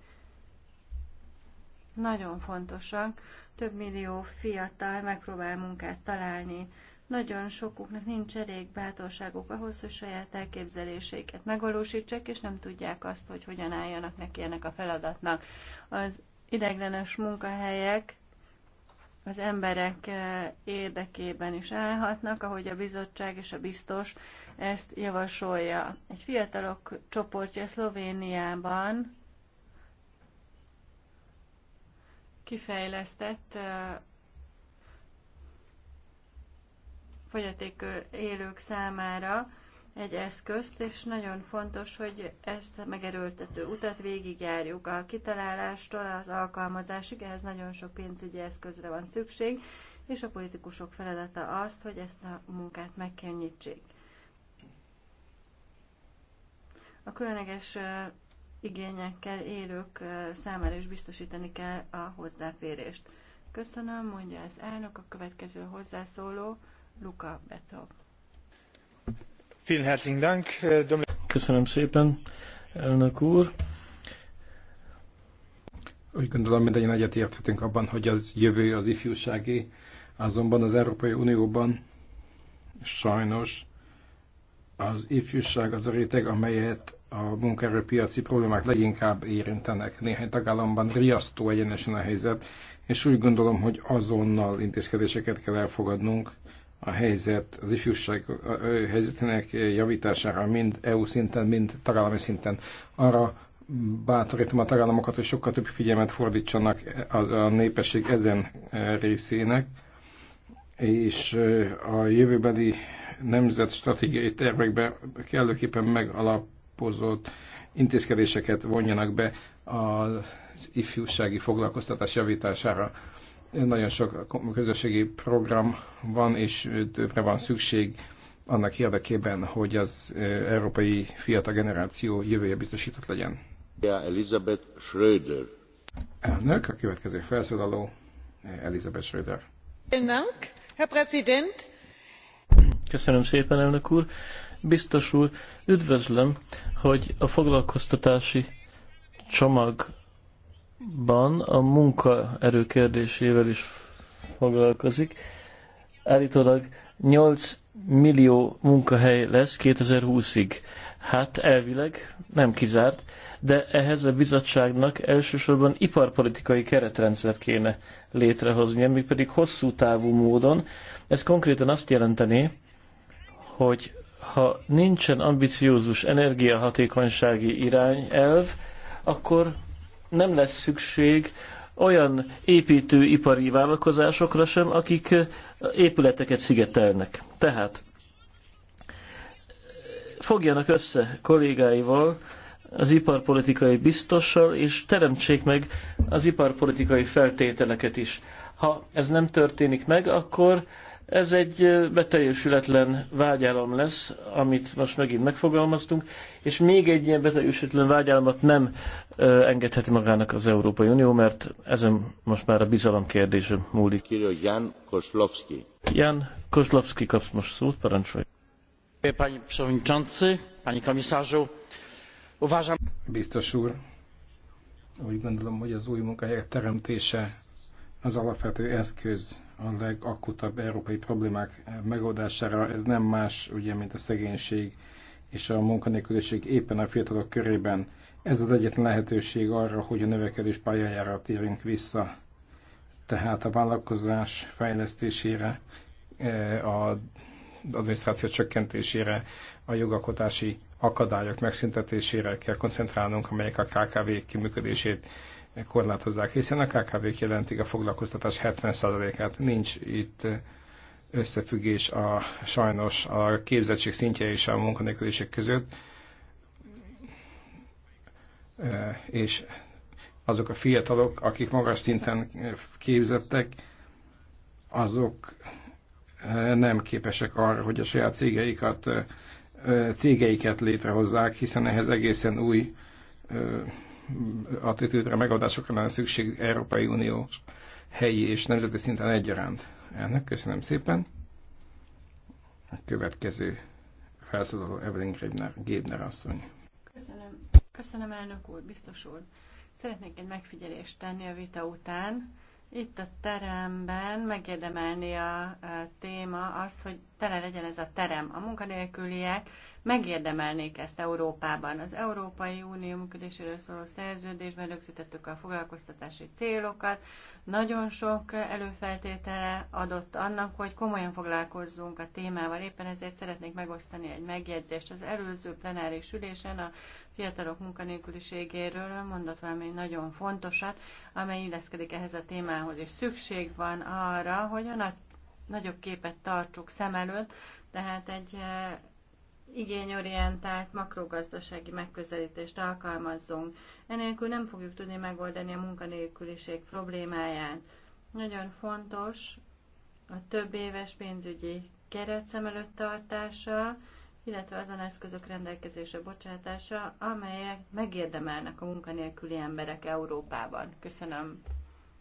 nagyon fontosak. Több millió fiatal megpróbál munkát találni. Nagyon sokuknak nincs elég bátorságuk ahhoz, hogy saját elképzeléseiket megvalósítsák, és nem tudják azt, hogy hogyan álljanak neki ennek a feladatnak. Az ideglenes munkahelyek az emberek eh, érdekében is állhatnak, ahogy a bizottság és a biztos ezt javasolja. Egy fiatalok csoportja Szlovéniában kifejlesztett eh, fogyaték élők számára egy eszközt, és nagyon fontos, hogy ezt a megerőltető utat végigjárjuk a kitalálástól az alkalmazásig, ehhez nagyon sok pénzügyi eszközre van szükség, és a politikusok feladata azt, hogy ezt a munkát megkönnyítsék. A különleges igényekkel élők számára is biztosítani kell a hozzáférést. Köszönöm, mondja az elnök, a következő hozzászóló Luka Betov. Äh, Köszönöm szépen, elnök úr. Úgy gondolom, mindannyian egyetérthetünk abban, hogy az jövő az ifjúsági, azonban az Európai Unióban sajnos az ifjúság az a réteg, amelyet a munkaerőpiaci problémák leginkább érintenek. Néhány tagállamban riasztó egyenesen a helyzet, és úgy gondolom, hogy azonnal intézkedéseket kell elfogadnunk, a helyzet, az ifjúság helyzetének javítására mind EU szinten, mind tagállami szinten. Arra bátorítom a tagállamokat, hogy sokkal több figyelmet fordítsanak a népesség ezen e, részének, és e, a jövőbeli nemzet stratégiai tervekbe kellőképpen megalapozott intézkedéseket vonjanak be az ifjúsági foglalkoztatás javítására. Nagyon sok közösségi program van, és többre van szükség annak érdekében, hogy az európai fiatal generáció jövője biztosított legyen. Elizabeth Schröder. Elnök, a következő felszólaló Elizabeth Schröder. Köszönöm szépen, elnök úr. Biztos úr, üdvözlöm, hogy a foglalkoztatási csomag ban a munkaerő kérdésével is foglalkozik. Állítólag 8 millió munkahely lesz 2020-ig. Hát elvileg nem kizárt, de ehhez a bizottságnak elsősorban iparpolitikai keretrendszer kéne létrehozni, ami pedig hosszú távú módon. Ez konkrétan azt jelenteni, hogy ha nincsen ambiciózus energiahatékonysági irányelv, akkor nem lesz szükség olyan építőipari vállalkozásokra sem, akik épületeket szigetelnek. Tehát fogjanak össze kollégáival, az iparpolitikai biztossal, és teremtsék meg az iparpolitikai feltételeket is. Ha ez nem történik meg, akkor ez egy beteljesületlen vágyálom lesz, amit most megint megfogalmaztunk, és még egy ilyen beteljesületlen vágyálmat nem engedheti magának az Európai Unió, mert ezen most már a bizalom kérdése múlik. Jan Koszlovski. Jan Koszlovski kapsz most szót, parancsolj. Pani Przewodniczący, Pani Komisarzu, uważam... Biztos úr, úgy gondolom, hogy az új munkahelyek teremtése az alapvető eszköz a legakutabb európai problémák megoldására. Ez nem más, ugye, mint a szegénység és a munkanélküliség éppen a fiatalok körében. Ez az egyetlen lehetőség arra, hogy a növekedés pályájára térjünk vissza. Tehát a vállalkozás fejlesztésére, eh, a adminisztráció csökkentésére, a jogalkotási akadályok megszüntetésére kell koncentrálnunk, amelyek a KKV kiműködését korlátozzák, hiszen a KKV-k jelentik a foglalkoztatás 70%-át. Nincs itt összefüggés a sajnos a képzettség szintje és a munkanélküliség között, e, és azok a fiatalok, akik magas szinten képzettek, azok e, nem képesek arra, hogy a saját cégeiket, e, cégeiket létrehozzák, hiszen ehhez egészen új attitűdre, megoldásokra lenne szükség Európai Unió helyi és nemzeti szinten egyaránt. Elnök, köszönöm szépen. A következő felszólaló Evelyn Gébner, Gébner asszony. Köszönöm. Köszönöm, elnök úr, biztos úr. Szeretnék egy megfigyelést tenni a vita után. Itt a teremben megérdemelni a, a téma azt, hogy tele legyen ez a terem. A munkanélküliek megérdemelnék ezt Európában. Az Európai Unió működéséről szóló szerződésben rögzítettük a foglalkoztatási célokat. Nagyon sok előfeltétele adott annak, hogy komolyan foglalkozzunk a témával. Éppen ezért szeretnék megosztani egy megjegyzést. Az előző plenáris ülésen a fiatalok munkanélküliségéről mondott valami nagyon fontosat, amely illeszkedik ehhez a témához, és szükség van arra, hogy a nagy, nagyobb képet tartsuk szem előtt, tehát egy igényorientált makrogazdasági megközelítést alkalmazzunk. Enélkül nem fogjuk tudni megoldani a munkanélküliség problémáját. Nagyon fontos a több éves pénzügyi keret szem előtt tartása, illetve azon eszközök rendelkezése bocsátása, amelyek megérdemelnek a munkanélküli emberek Európában. Köszönöm.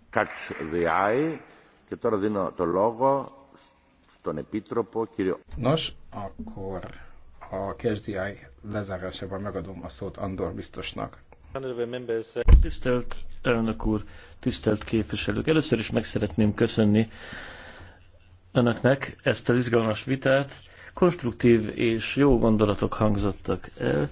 Catch the eye. Και τώρα δίνω logo, λόγο στον Nos, akkor a KSDI lezárásában megadom a szót Andor biztosnak. Uh, tisztelt elnök úr, tisztelt képviselők! Először is meg szeretném köszönni önöknek ezt az izgalmas vitát. Konstruktív és jó gondolatok hangzottak el.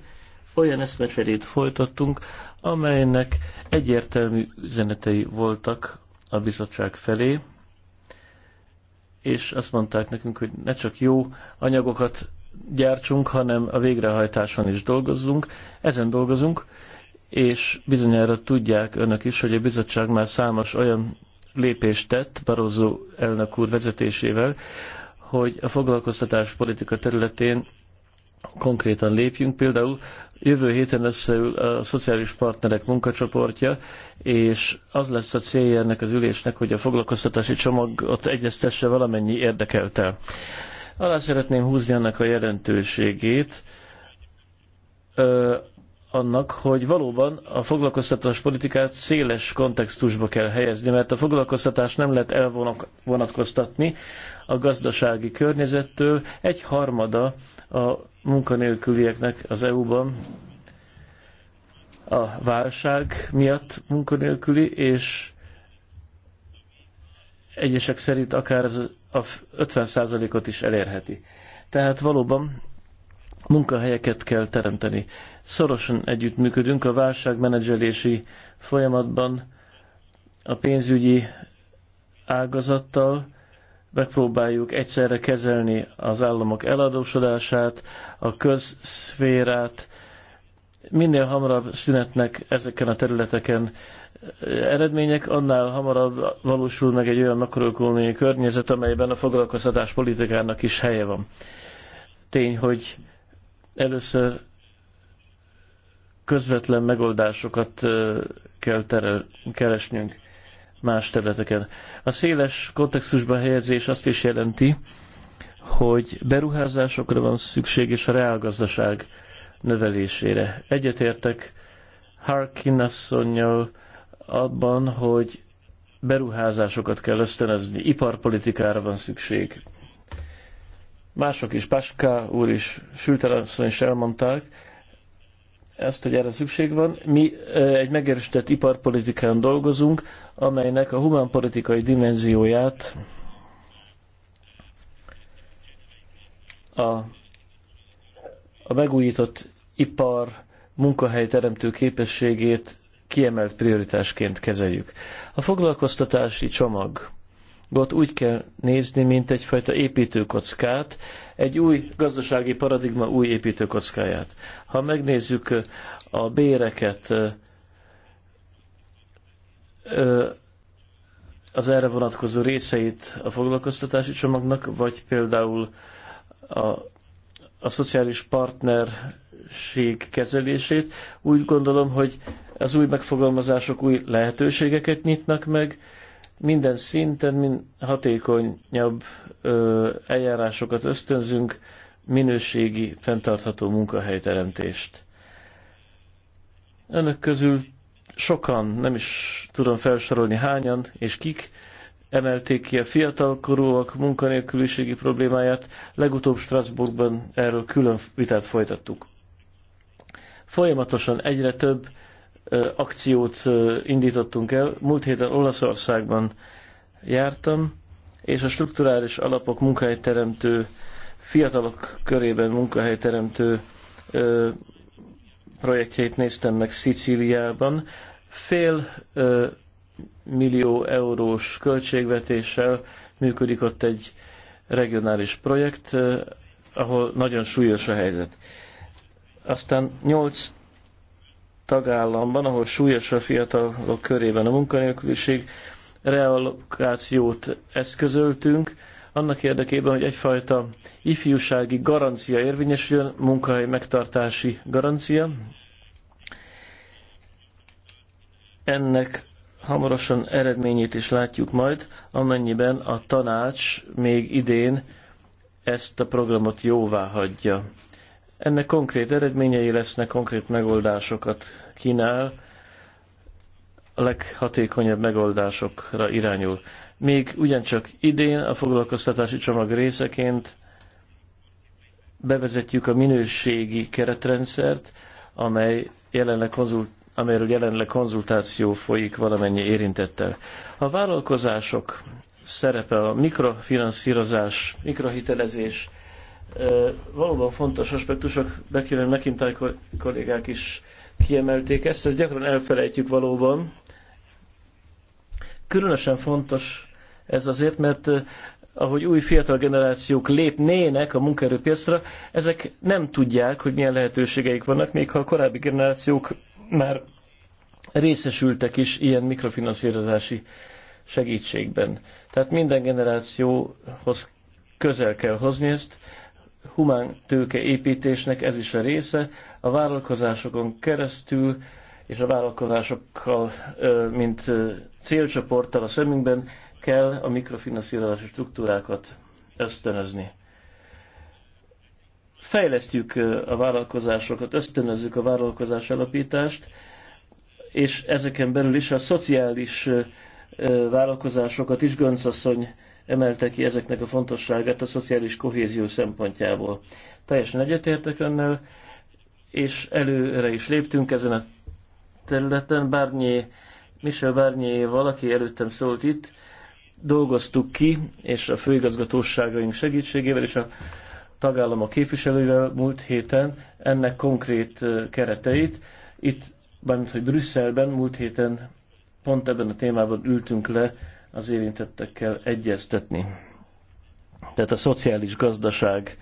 Olyan eszmecserét folytattunk, amelynek egyértelmű üzenetei voltak a bizottság felé, és azt mondták nekünk, hogy ne csak jó anyagokat gyártsunk, hanem a végrehajtáson is dolgozzunk. Ezen dolgozunk, és bizonyára tudják önök is, hogy a bizottság már számos olyan lépést tett Barozó elnök úr vezetésével, hogy a foglalkoztatás politika területén konkrétan lépjünk. Például jövő héten összeül a szociális partnerek munkacsoportja, és az lesz a célja ennek az ülésnek, hogy a foglalkoztatási csomagot egyeztesse valamennyi érdekeltel. Alá szeretném húzni annak a jelentőségét, annak, hogy valóban a foglalkoztatás politikát széles kontextusba kell helyezni, mert a foglalkoztatás nem lehet elvonatkoztatni a gazdasági környezettől. Egy harmada a munkanélkülieknek az EU-ban a válság miatt munkanélküli, és egyesek szerint akár az a 50%-ot is elérheti. Tehát valóban munkahelyeket kell teremteni. Szorosan együttműködünk a válságmenedzselési folyamatban, a pénzügyi ágazattal, megpróbáljuk egyszerre kezelni az államok eladósodását, a közszférát, minél hamarabb szünetnek ezeken a területeken eredmények, annál hamarabb valósul meg egy olyan makroökonomiai környezet, amelyben a foglalkoztatás politikának is helye van. Tény, hogy először közvetlen megoldásokat kell terel, keresnünk más területeken. A széles kontextusba helyezés azt is jelenti, hogy beruházásokra van szükség és a reálgazdaság növelésére. Egyetértek Harkin asszonynal, abban, hogy beruházásokat kell ösztönözni, iparpolitikára van szükség. Mások is, Paská úr is, Sültelenszony is elmondták, ezt, hogy erre szükség van. Mi egy megerősített iparpolitikán dolgozunk, amelynek a humánpolitikai dimenzióját a, a megújított ipar munkahelyteremtő képességét kiemelt prioritásként kezeljük. A foglalkoztatási csomagot úgy kell nézni, mint egyfajta építőkockát, egy új gazdasági paradigma új építőkockáját. Ha megnézzük a béreket, az erre vonatkozó részeit a foglalkoztatási csomagnak, vagy például a, a szociális partnerség kezelését, úgy gondolom, hogy az új megfogalmazások új lehetőségeket nyitnak meg, minden szinten mind hatékonyabb ö, eljárásokat ösztönzünk, minőségi, fenntartható munkahelyteremtést. Önök közül sokan, nem is tudom felsorolni hányan és kik, emelték ki a fiatalkorúak munkanélküliségi problémáját. Legutóbb Strasbourgban erről külön vitát folytattuk. Folyamatosan egyre több akciót indítottunk el. Múlt héten Olaszországban jártam, és a strukturális alapok munkahelyteremtő, fiatalok körében munkahelyteremtő projektjeit néztem meg Szicíliában. Fél millió eurós költségvetéssel működik ott egy regionális projekt, ahol nagyon súlyos a helyzet. Aztán 8 tagállamban, ahol súlyos a fiatalok körében a munkanélküliség, reallokációt eszközöltünk, annak érdekében, hogy egyfajta ifjúsági garancia érvényesüljön, munkahely megtartási garancia. Ennek hamarosan eredményét is látjuk majd, amennyiben a tanács még idén ezt a programot jóvá hagyja. Ennek konkrét eredményei lesznek, konkrét megoldásokat kínál, a leghatékonyabb megoldásokra irányul. Még ugyancsak idén a foglalkoztatási csomag részeként bevezetjük a minőségi keretrendszert, amely jelenleg konzult, amelyről jelenleg konzultáció folyik valamennyi érintettel. A vállalkozások szerepe a mikrofinanszírozás, mikrohitelezés valóban fontos aspektusok, de Bekirön McIntyre kollégák is kiemelték ezt, ezt gyakran elfelejtjük valóban. Különösen fontos ez azért, mert ahogy új fiatal generációk lépnének a munkaerőpiacra, ezek nem tudják, hogy milyen lehetőségeik vannak, még ha a korábbi generációk már részesültek is ilyen mikrofinanszírozási segítségben. Tehát minden generációhoz közel kell hozni ezt, humán tőke építésnek ez is a része. A vállalkozásokon keresztül és a vállalkozásokkal, mint célcsoporttal a szemünkben kell a mikrofinanszírozási struktúrákat ösztönözni. Fejlesztjük a vállalkozásokat, ösztönözzük a vállalkozás alapítást, és ezeken belül is a szociális vállalkozásokat is Göncasszony emelte ki ezeknek a fontosságát a szociális kohézió szempontjából. Teljesen egyetértek önnel, és előre is léptünk ezen a területen. Bárnyi, Michel Bárnyi valaki előttem szólt itt, dolgoztuk ki, és a főigazgatóságaink segítségével, és a tagállamok képviselőivel múlt héten ennek konkrét kereteit. Itt, bármint hogy Brüsszelben múlt héten pont ebben a témában ültünk le az érintettekkel egyeztetni. Tehát a szociális gazdaság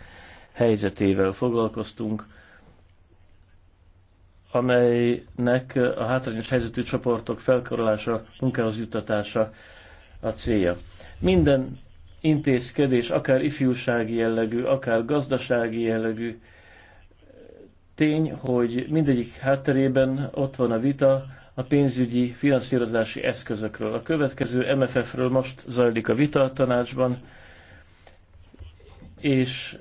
helyzetével foglalkoztunk, amelynek a hátrányos helyzetű csoportok felkorolása, munkához juttatása a célja. Minden intézkedés, akár ifjúsági jellegű, akár gazdasági jellegű, tény, hogy mindegyik hátterében ott van a vita, a pénzügyi finanszírozási eszközökről. A következő MFF-ről most zajlik a vita a tanácsban, és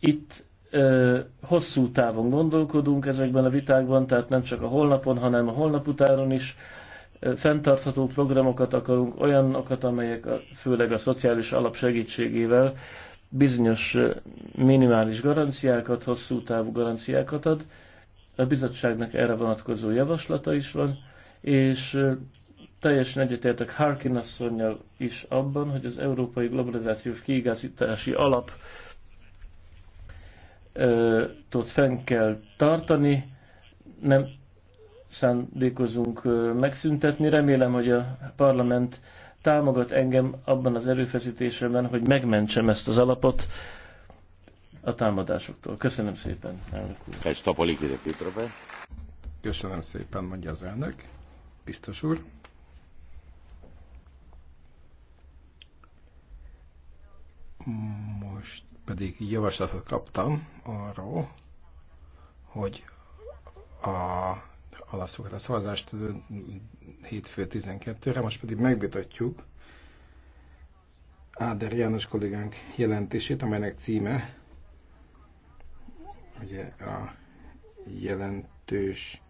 itt ö, hosszú távon gondolkodunk ezekben a vitákban, tehát nem csak a holnapon, hanem a holnap utáron is ö, fenntartható programokat akarunk, olyanokat, amelyek a, főleg a szociális alap segítségével bizonyos minimális garanciákat, hosszú távú garanciákat ad, a bizottságnak erre vonatkozó javaslata is van, és teljesen egyetértek Harkin asszonynal is abban, hogy az Európai Globalizációs Kiigazítási Alap tot fenn kell tartani, nem szándékozunk megszüntetni. Remélem, hogy a parlament támogat engem abban az erőfeszítésemben, hogy megmentsem ezt az alapot a támadásoktól. Köszönöm szépen, elnök úr. Köszönöm szépen, mondja az elnök. Biztos úr. Most pedig javaslatot kaptam arról, hogy a alaszokat a szavazást hétfő 12-re, most pedig megvitatjuk Áder János kollégánk jelentését, amelynek címe Ugye a jelentős